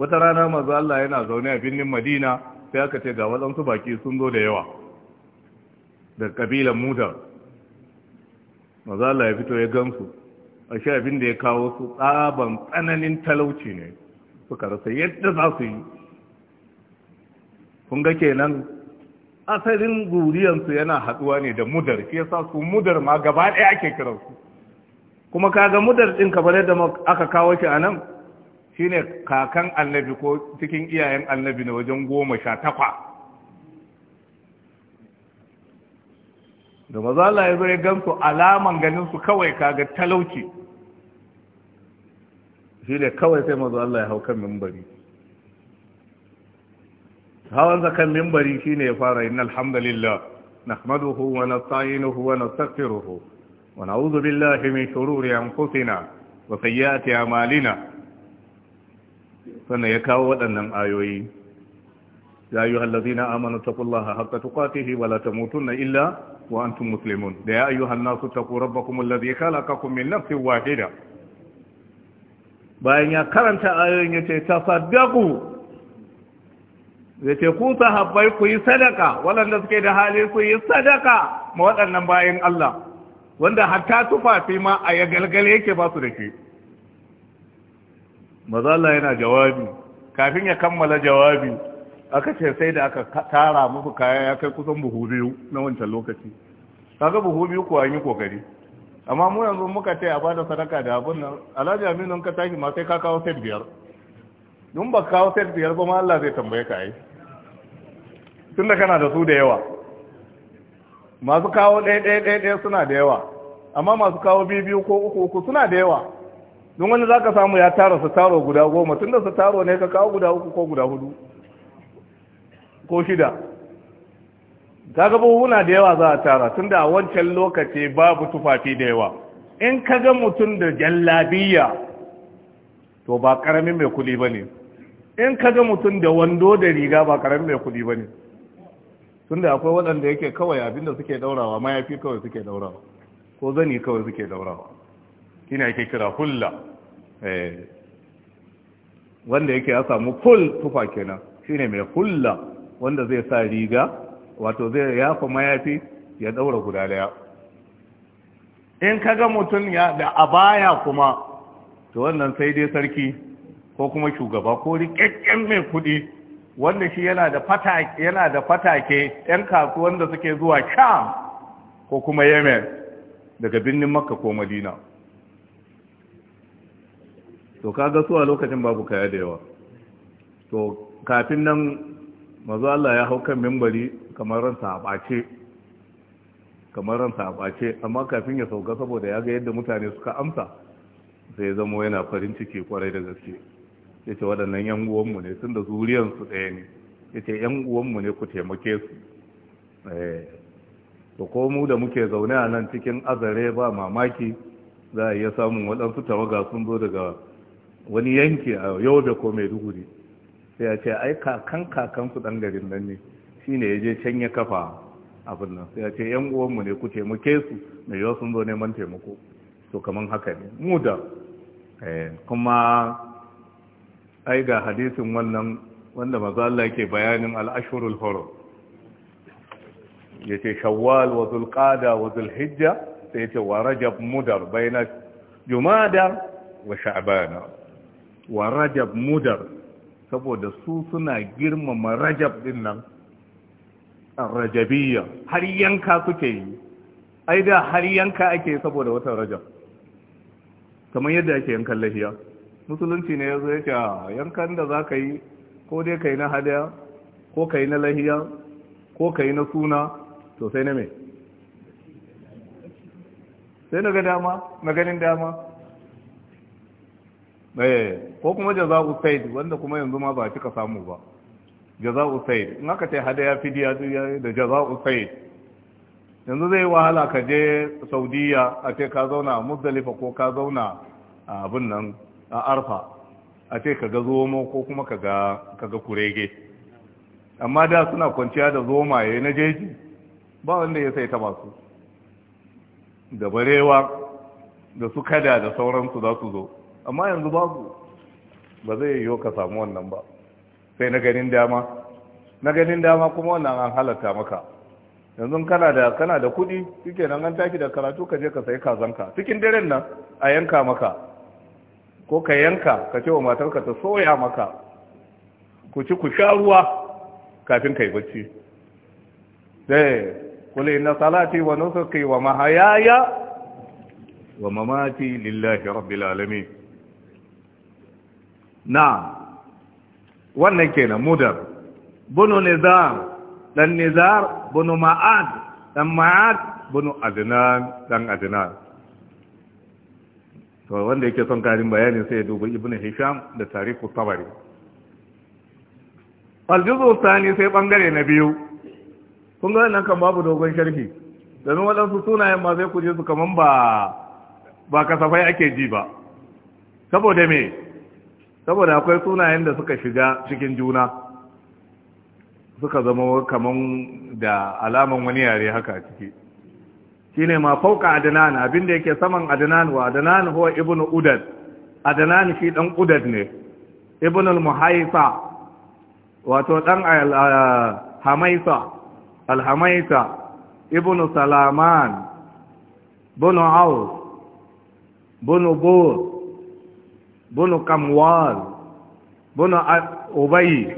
wata rana manzo Allah yana zaune a birnin Madina sai aka ce ga wadansu baki sun zo da yawa da kabilan mudar mazala ya fito ya gansu a shi abin da ya kawo su tsaban tsananin talauci ne suka rasa yadda za su yi kun ga kenan asalin guriyansu yana haduwa ne da mudar shi yasa su mudar ma gaba ɗaya ake kiransu kuma kaga mudar ɗin kamar yadda aka kawo shi a nan shine kakan annabi ko cikin iyayen annabi na wajen goma sha takwa da maza Allah ya zai gan gansu alaman ganin su kawai kaga talauci shi ne kawai sai maza Allah ya hau kan mimbari hawan kan mimbari shi ne ya fara yin alhamdulillah na nahmaduhu wa nasta'inuhu wa nastaghfiruhu wa na'udhu billahi mai shururi anfusina wa sayyiati a'malina sannan ya kawo waɗannan ayoyi ya na amanu haka tukwatihi wala ta mutu na illa wa antum muslimun da ya ayyuhan nasu taqu rabbakum alladhi khalaqakum min nafsin wahida bayan ya karanta ayoyin yace tasaddaqu yace ku sahabbai ku yi sadaka waɗanda suke da hali ku yi sadaka ma waɗannan bayan Allah wanda hatta tufafi ma a ya galgale yake ba su da shi Mazala yana jawabi kafin ya kammala jawabi aka ce sai da aka tara muku kaya ya kai kusan buhu biyu na wancan lokaci kaga buhu biyu kuwa an yi kokari amma mu yanzu muka ce a bada sadaka da abun nan alhaji aminu ka tashi ma sai ka kawo set biyar don ba kawo set biyar ba ma Allah zai tambaye ka yi tunda kana da su da yawa masu kawo ɗaya ɗaya ɗaya ɗaya suna da yawa amma masu kawo biyu biyu ko uku uku suna da yawa don wani za ka samu ya tara su taro guda goma tunda su taro ne ka kawo guda uku ko guda hudu ko shida ta gaba huna da yawa za a tara tun da a wancan lokaci babu tufafi da yawa in ka ga mutum da jallabiya to ba karamin mai kudi ba ne in ka ga mutum da wando da riga ba karamin mai kudi ba ne tun da akwai waɗanda yake kawai abinda suke daurawa mayafi kawai suke daurawa ko zani kawai suke daurawa shine ake kira hulla eh, wanda yake ya samu kul tufa kenan shine mai hulla wanda zai sa riga wato zai yafa mayafi ya daura guda daya in kaga mutum ya da abaya kuma to wannan sai dai sarki ko kuma shugaba ko rikakken mai kudi wanda shi yana da fatake yana da fatake yan kasuwan da suke zuwa sham ko kuma yemen daga birnin makka ko madina to kaga su a lokacin babu kaya da yawa to kafin nan mazu Allah ya hau kan mimbari kamar ransa a ɓace amma kafin ya sauka saboda ya ga yadda mutane suka amsa sai zama yana farin ciki kwarai da gaske ya ce waɗannan yan uwanmu ne tun da su ɗaya ne ya ce yan uwanmu ne ku taimake su da eh, ko mu da muke zaune a nan cikin azare ba mamaki za a iya samun waɗansu tawaga sun zo daga wani yanki a yau da ko duhuri sai ya ce ai kakan kakan ku dan garin nan ne shine yaje je can ya kafa abin nan sai ya ce yan uwanmu ne ku taimake su mai yau sun zo neman taimako to kaman haka ne mu da eh, kuma ai ga hadisin wannan wanda maza Allah yake bayanin al-ashhurul hurum yace shawwal wa zulqa'da wa zulhijja sai yace wa rajab mudar bayna jumada wa sha'bana wa rajab mudar saboda su suna girmama rajab din nan rajabiyya har yanka suke yi ai da har yanka ake saboda watan rajab kamar yadda ake yankan lahiya musulunci ne ya zo ya ce ah, yankan da za ka yi ko dai ka yi na hadaya ko ka yi na lahiya ko ka yi na suna to sai na mai sai na ga dama na ganin dama Eh, ko kuma jaza'u said wanda kuma yanzu ma ba cika samu ba jaza'u said in aka ce fi diya da jaza'u said yanzu zai wahala ka je saudiya a ce ka zauna a muzdalifa ko ka zauna a abin nan a arfa a ce ka ga zomo ko kuma ka ga kurege amma da suna kwanciya da zoma zomaye na jeji ba wanda ya sai taba su da barewa da su kada da sauransu za su zo amma yanzu babu ba zai yiwu ka samu wannan ba sai na ganin dama na ganin dama kuma wannan an halatta maka yanzu kana da kana da kuɗi kike nan an tashi da karatu ka je ka sayi kazanka cikin daren nan a yanka maka ko ka yanka ka ce wa matarka ta soya maka ku ci ku sha ruwa kafin kai bacci dai eh, kula inna salati wa nusuki wa mahayaya wa mamati lillahi rabbil alamin na wannan kenan mudar bunu nizar dan nizar bunu ma'ad dan ma'ad bunu adnan dan adnan to wanda yake son karin bayani sai ya dubi ibnu hisham da tarihu tabari faljuzo sani sai bangare na biyu kun ga nan kan babu dogon sharhi domin waɗansu sunayen ma zai kuje su kaman ba ba kasafai ake ji ba saboda me saboda akwai sunayen da suka shiga cikin juna suka zama kaman da alaman wani yare haka ciki shine ma fauka adnan abinda yake saman adnan wa adnan huwa ibnu udad adnan shi dan udad ne ibnu al-muhaifa wato dan hamaisa al-hamaisa ibnu salaman bunu aus bunu bur بنو كموال بنو أبي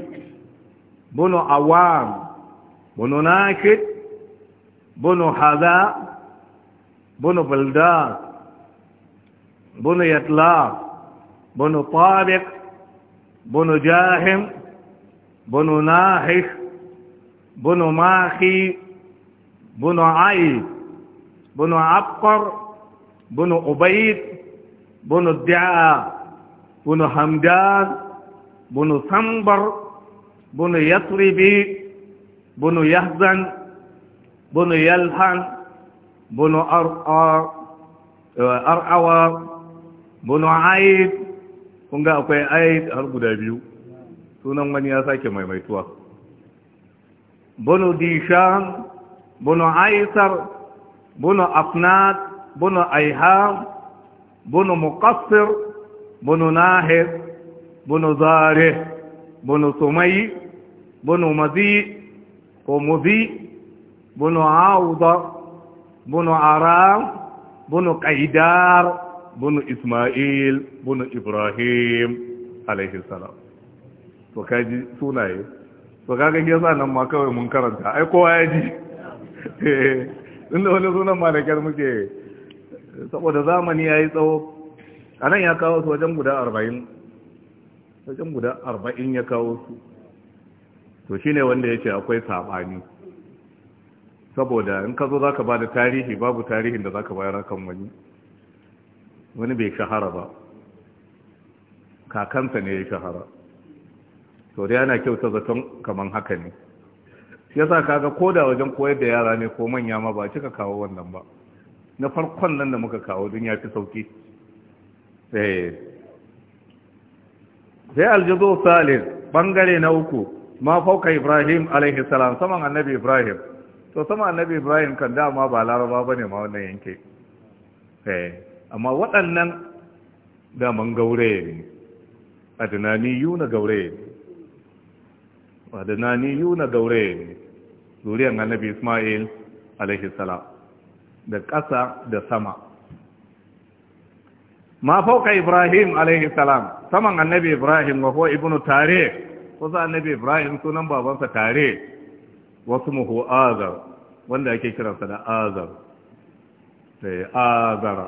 بنو عوام بنو ناكد بنو حذاء بنو بلداد بنو يطلاق بنو طارق بنو جاهم بنو ناحش بنو ماخي بنو عيد بنو عبقر بنو عبيد بنو الدعاء bunu hamdan bunu sambar bunu yatribi bunu yahzan bunu yalhan bunu e, ar'awa bunu aid kun ga akwai aid har guda biyu sunan wani ya sake maimaituwa bunu dishan bunu aisar bunu afnat bunu aiham bunu muqassir bunu nahir bunu zarih bunu sumayi bunu mazi ko muzi bunu auda bunu aram bunu qaidar bunu isma'il bunu ibrahim alaihi salam to kaji sunaye to kaga yasa nan ma kawai mun karanta ai kowa ya ji inda wani sunan malakar muke saboda zamani yayi tsawo a nan ya kawo su wajen guda arba'in wajen guda arba'in ya kawo su to shi ne wanda ya ce akwai saɓani saboda in ka zo za ka ba da tarihi babu tarihin da za ka bayar kan wani wani bai shahara ba kakansa ne ya shahara to da yana kyauta zaton kamar haka ne ya sa kaga da wajen koyar da yara ne ko manya ma ba cika kawo wannan ba na farkon nan da muka kawo don ya fi sauki Eh. sai aljizo salis bangare na uku ma fauka ibrahim alaihi salam saman annabi ibrahim to saman annabi ibrahim kan dama ba laraba ba ne ma wannan yanke eh. amma waɗannan daman gauraye ne a tunani yiwu na gauraye ne a tunani yiwu na gauraye ne zuriyar annabi ismail alaihi salam da ƙasa da sama ma fauka ibrahim alaihi salam saman annabi ibrahim wa huwa ibnu tare kusa annabi ibrahim sunan babansa tare wasu muhu azar wanda ake kiransa da azar sai Azar.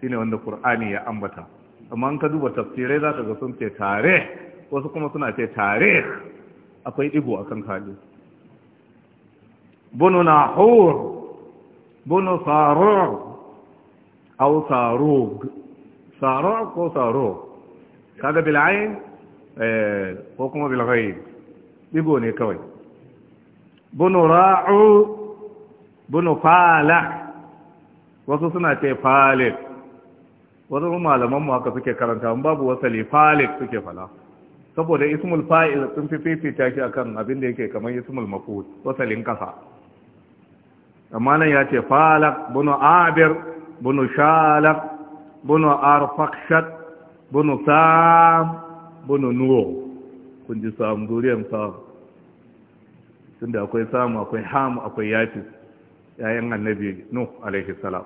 shine wanda qur'ani ya ambata amma an ka duba tafsirai za ka ga sun ce tare wasu kuma suna ce tare akwai digo akan kaji bunu nahur bunu sarur au sarug saro ko saro kaga bil'ain ko kuma bil'ain digo ne kawai bunu ra'u bunu fala wasu suna ce falik wasu malaman mu haka suke karanta babu wasali falik suke fala saboda ismul fa'il sun fi fifita shi akan abin da yake kamar ismul maf'ul wasalin kasa amma nan ya ce falak bunu abir bunu shalak bunu arfakshat bunu sam bunu nuwo kun ji sam zuriyar sam tunda akwai sam akwai ham akwai yafi yayin annabi nu alaihi salam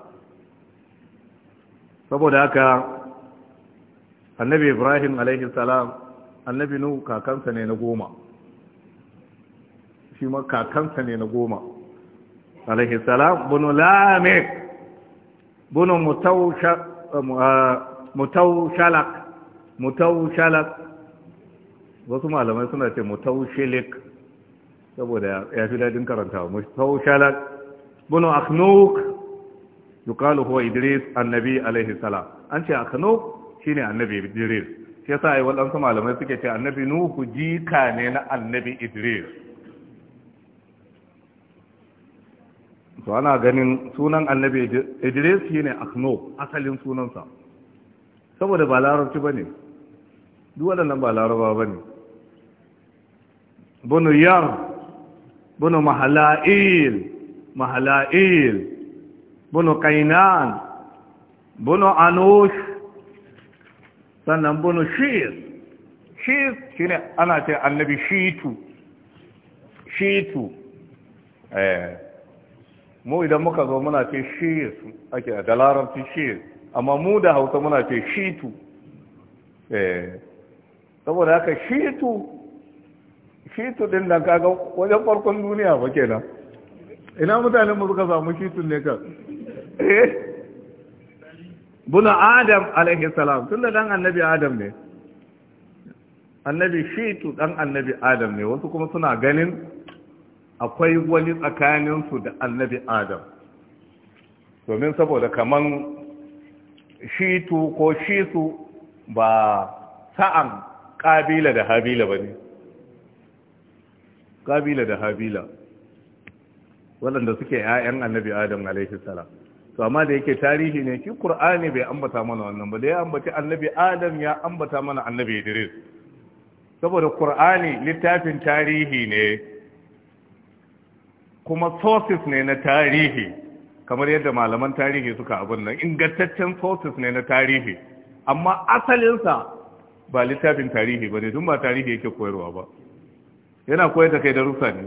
saboda haka annabi ibrahim alaihi salam annabi nu kakansa ne na goma shi ma kakansa ne na goma alaihi salam bunu lamik bunu mutawsha Um, uh, mutau shalak mutau shalak wasu malamai suna ce mutau shilik saboda ya fi daɗin karanta mutau shalak bunu akhnuk yukalu huwa idris annabi alaihi salam an ce aknuk shine annabi idris shi yasa ai waɗansu malamai suke ce annabi nuhu jika ne na annabi idris to ana ganin sunan annabi idris ne Akhno asalin sunansa saboda ba larabci ba ne duk waɗannan ba laraba ne. bunu yar bunu mahala'il mahala'il bunu kainan bunu anush sannan bunu shir shir ne ana ce annabi shitu shitu eh mu idan muka zo muna ce shis ake da larabci shis amma mu da hausa muna ce shitu eh, saboda haka shitu shitu din nan kaga wajen farkon duniya ba kenan ina mutanen mu suka samu tu ne kan eh, buna adam alaihi salam tunda dan annabi adam ne annabi shitu dan annabi adam ne wasu kuma suna ganin akwai wani tsakaninsu da annabi adam domin saboda kaman tu ko shisu ba sa'an ƙabila da habila ba ne ƙabila da habila waɗanda suke ‘ya'yan annabi adam alaihissalam to amma da yake tarihi ne ki ƙur'ani bai ambata mana wannan ba da ya ambaci annabi adam ya ambata mana annabi idris saboda ƙur'ani littafin tarihi ne kuma sources ne na tarihi kamar yadda malaman tarihi suka abin nan ingantaccen sources ne na tarihi amma asalinsa ba littafin tarihi ba ne tun ba tarihi yake koyarwa ba yana koyar da kai darussa ne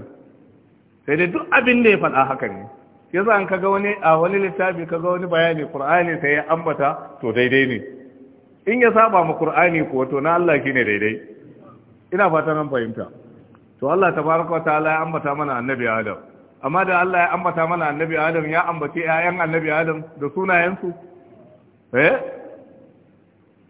sai dai duk abin da ya faɗa haka ne ya za an kaga wani a wani littafi kaga wani bayani qur'ani sai ya ambata to daidai ne in ya saba ma qur'ani ko to na Allah shine daidai ina fata nan fahimta to Allah tabaraka wa ta'ala ya ambata mana annabi Adam amma da Allah ya ambata mana annabi Adam ya ambace ƴaƴan annabi Adam da sunayensu eh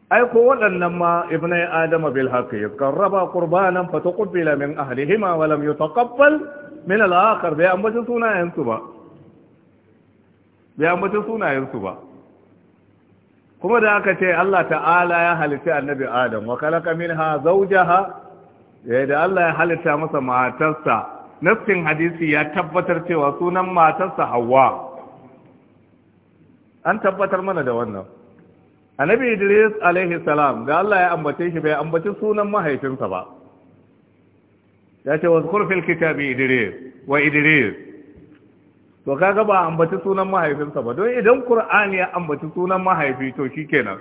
ai ko waɗannan ma ibnai Adam bil haqqi qarraba qurbanan fataqabbala min ahlihima wa lam yutaqabbal min al-akhar bai ambace sunayensu ba bai ambace sunayensu ba kuma da aka ce Allah ta'ala ya halitta annabi Adam wa khalaqa minha zawjaha eh, da Allah ya halitta masa matarsa nassin hadisi ya tabbatar cewa sunan matarsa hawa an tabbatar mana da wannan annabi idris alaihi salam da Allah ya ambace shi bai ambaci sunan mahaifinsa ba ya ce wasu kurfin kitabi idris wa idris to kaga ba ambaci sunan mahaifinsa ba don idan kur'an ya ambaci sunan mahaifi to shi kenan,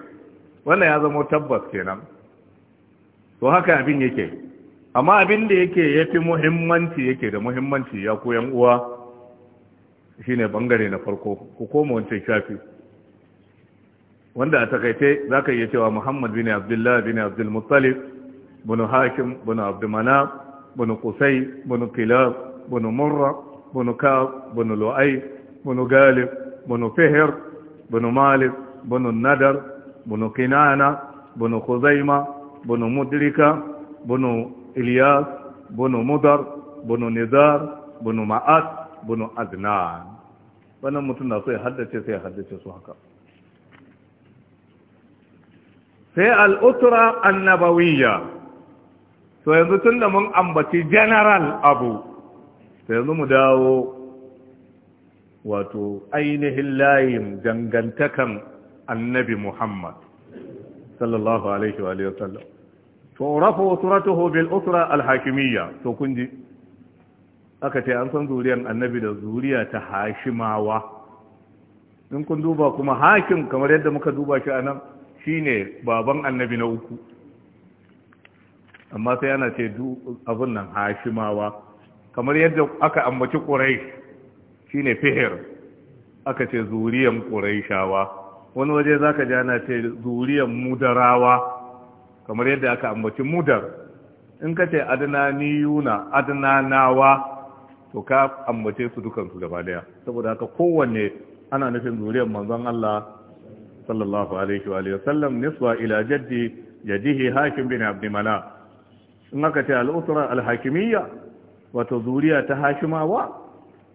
wannan ya zama tabbas kenan to haka abin yake amma abin da yake ya fi muhimmanci yake da muhimmanci ya koyan uwa shine bangare na farko ku koma wancan shafi wanda a takaice za ka iya cewa muhammad bin abdullah bin abdulmuttalib bin hakim bin abdulmanaf bin kusai bin kilab bin murra bin kaf bin lu'ai bin galib bin fihir bin malik bin nadar bin kinana bin khuzaima bin mudrika bin Ilyas bunu Mudar bunu Nizar bunu Ma'at bunu Adnan wannan mutum na so ya haddace sai ya haddace su haka sai al'utura annabawiyya to yanzu tun da mun ambaci general abu sai yanzu mu dawo wato ainihin layin dangantakan annabi muhammad sallallahu alaihi wa sallam to rafa suratuhu bil usra al hakimiyya to kun aka ce an san zuriyar annabi da zuriya ta hashimawa in kun duba kuma hakim kamar yadda muka duba shi anan shine baban annabi na uku amma sai ana ce abin nan hashimawa kamar yadda aka ambaci ƙurai shi ne fihir aka ce zuriyan quraishawa wani waje za ka ana ce zuriyan mudarawa kamar yadda aka ambaci mudar in ka ce adana adana nawa, to ka ambace su dukansu gaba daya saboda haka kowanne ana nufin zuriyar manzon Allah sallallahu alaihi wa alihi wasallam niswa ila jaddi jaddihi hakim bin abd mala in aka ce al-usra al-hakimiyya wato zuriya ta hashimawa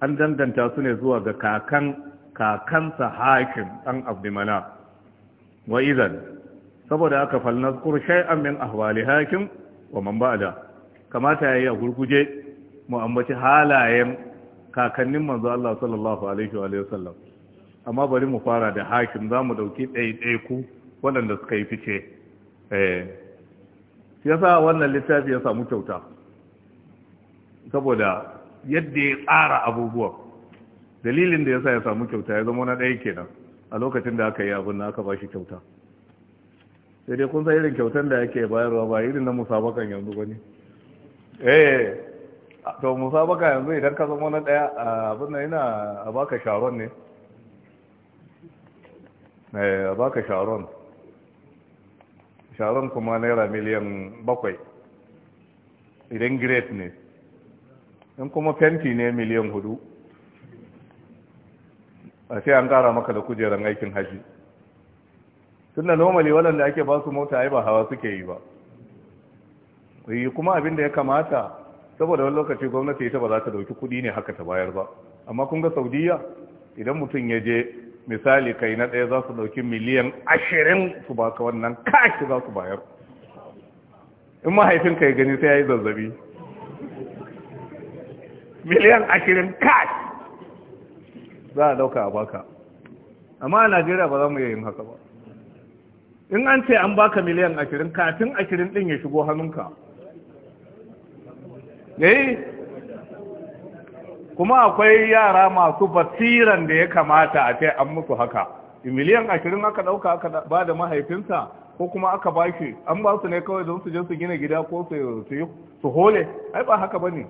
an danganta su ne zuwa ga kakan kakansa hakim dan abd mala wa idan saboda aka falnazkur shay'an min ahwali hakim wa man ba'da kamata yayi a gurguje mu ambaci halayen kakannin manzo Allah sallallahu alaihi wa sallam amma bari mu fara da hakim zamu dauki ɗaiɗaiku waɗanda suka yi fice eh, Ya sa wannan littafi ya samu kyauta saboda yadda ya tsara abubuwa dalilin da yasa ya samu kyauta ya zama na ɗaya kenan a lokacin da aka yi abin da aka ba shi kyauta sai dai kun san irin kyautar da yake bayarwa ba irin na musabakan yanzu ba ne eh to musabaka yanzu idan ka zama na daya abin nan yana a baka sharon ne eh a baka sharon sharon kuma naira miliyan bakwai idan great ne in kuma fenti ne miliyan hudu a sai an kara maka da kujerar aikin haji tunda normally waɗanda ake ba su mota ai ba hawa suke yi ba yi eh, kuma abin da ya kamata saboda wani lokaci gwamnati ita ba za ta dauki kuɗi ne haka ta bayar ba amma kun ga saudiya idan mutum ya je misali kai na ɗaya za su dauki miliyan ashirin su ba ka wannan kashi za su bayar in mahaifinka ya gani sai ya yi zazzabi miliyan ashirin kashi za a dauka a baka amma a najeriya ba za mu iya yin haka ba in an ce an baka miliyan ashirin kafin ashirin ɗin ya shigo hannunka ne eh? kuma akwai yara masu basiran da ya kamata a ce an musu haka miliyan ashirin aka ɗauka aka ba da mahaifinsa ko kuma aka ba shi an ba su ne kawai don su je su gina gida ko su hole ai ba haka ba ne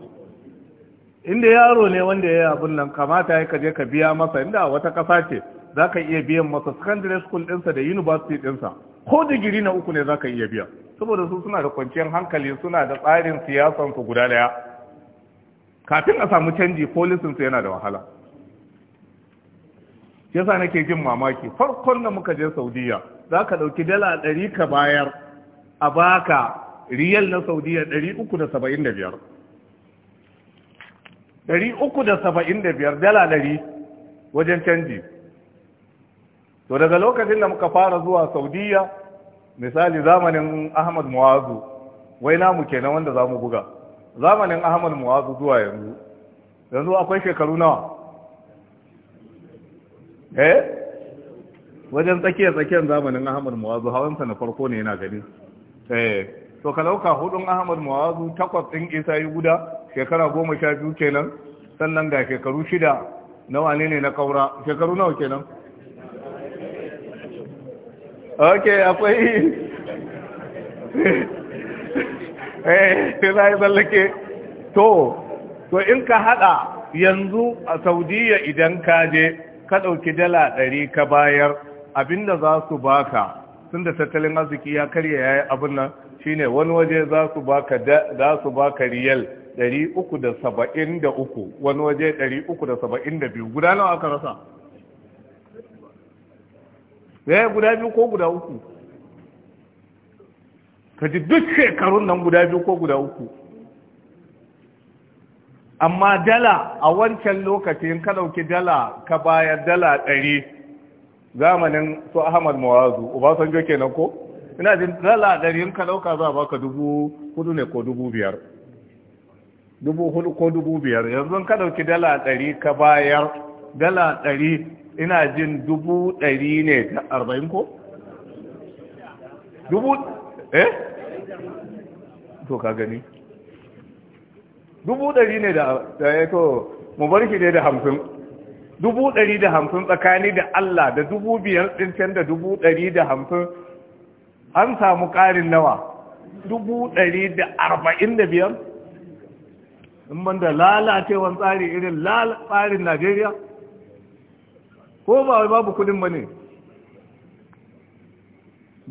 inda yaro ne wanda ya yi abin nan kamata ya kaje ka biya masa inda wata ƙasa ce za ka iya biyan masa secondary school ɗinsa da university ɗinsa ko digiri na uku ne za ka iya biya saboda su suna da kwanciyar hankali suna da tsarin siyasansu guda daya kafin a samu canji polisinsu yana da wahala yasa nake jin mamaki farkon da muka je saudiya za ka ɗauki dala ɗari ka bayar a baka riyal na saudiya ɗari uku da saba'in da biyar ɗari uku da saba'in da biyar dala ɗari wajen canji to daga lokacin da muka fara zuwa saudiya misali zamanin ahmad muwazu wai namu kenan wanda za mu buga zamanin ahmad muwazu zuwa yanzu yanzu akwai shekaru nawa eh wajen tsakiyar tsakiyar zamanin ahmad muwazu hawansa na farko ne yana gani eh to ka dauka hudun ahmad muwazu takwas ɗin isa yi guda shekara goma sha biyu kenan sannan ga shekaru shida na wane ne na kaura shekaru nawa kenan ok akwai eh sai yi tsallake to to in ka hada yanzu a saudiya idan ka je ka ɗauki dala ɗari ka bayar abinda za su baka tun da tattalin arziki ya karye ya yi abin nan shine wani waje za su baka za su baka riyal 373 wani waje 372 guda nawa aka rasa ya eh, guda biyu ko guda uku ka ji duk shekarun nan guda biyu ko guda uku amma dala a wancan lokacin ka ɗauki dala ka bayar dala ɗari zamanin su ahmad mawazu obasanjo kenan ko ina jin dala ɗari in ka ɗauka za a baka dubu hudu ne ko dubu biyar dubu hudu ko dubu biyar yanzu ka ɗauki dala ɗari ka bayar dala ɗari ina jin dubu ɗari ne ta arba'in ko? dubu eh? to ka gani dubu ɗari ne da ya eh, to mu barki ne da hamsin dubu ɗari da hamsin tsakani da Allah da dubu biyar ɗin da dubu ɗari da hamsin an samu ƙarin nawa dubu ɗari da arba'in da biyar in ban da lalacewan tsari irin tsarin Najeriya ko ba wai babu kudin bane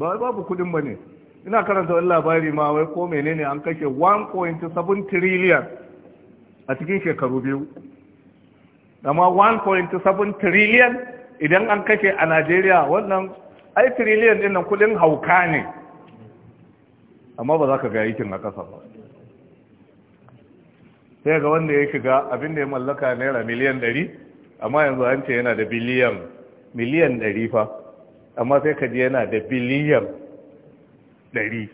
ba wai babu kudin bane ina karanta wani labari ma wai ko menene an kashe 1.7 trillion a cikin shekaru biyu amma 1.7 trillion idan an kashe a Najeriya wannan ai trillion din nan kudin hauka ne amma ba za ka ga yakin a ƙasa ba sai ga wanda ya shiga abin da ya mallaka naira miliyan ɗari. amma yanzu an ce yana da biliyan miliyan ɗari fa amma sai ka ji yana da biliyan ɗari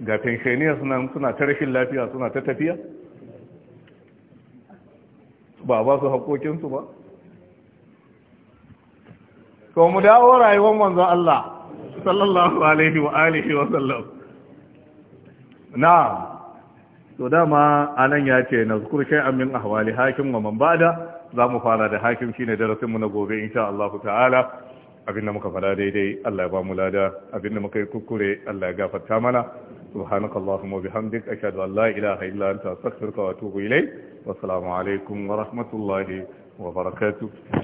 ga pensioniyar suna suna ta rashin lafiya suna ta tafiya ba ba su haƙoƙinsu ba Ka mu dawo rayuwar manzan Allah sallallahu alaihi wa alihi wa sallam na to dama anan ya ce na zukur shai amin ahwali hakim wa man bada za mu fara da hakim shine darasin mu na gobe insha Allah ta'ala abinda muka fara daidai Allah ya ba mu lada abinda muka yi kukkure Allah ya gafarta mana subhanaka allahumma bihamdik ashhadu an la ilaha illa anta astaghfiruka wa atubu ilayk wa assalamu alaikum wa rahmatullahi wa barakatuh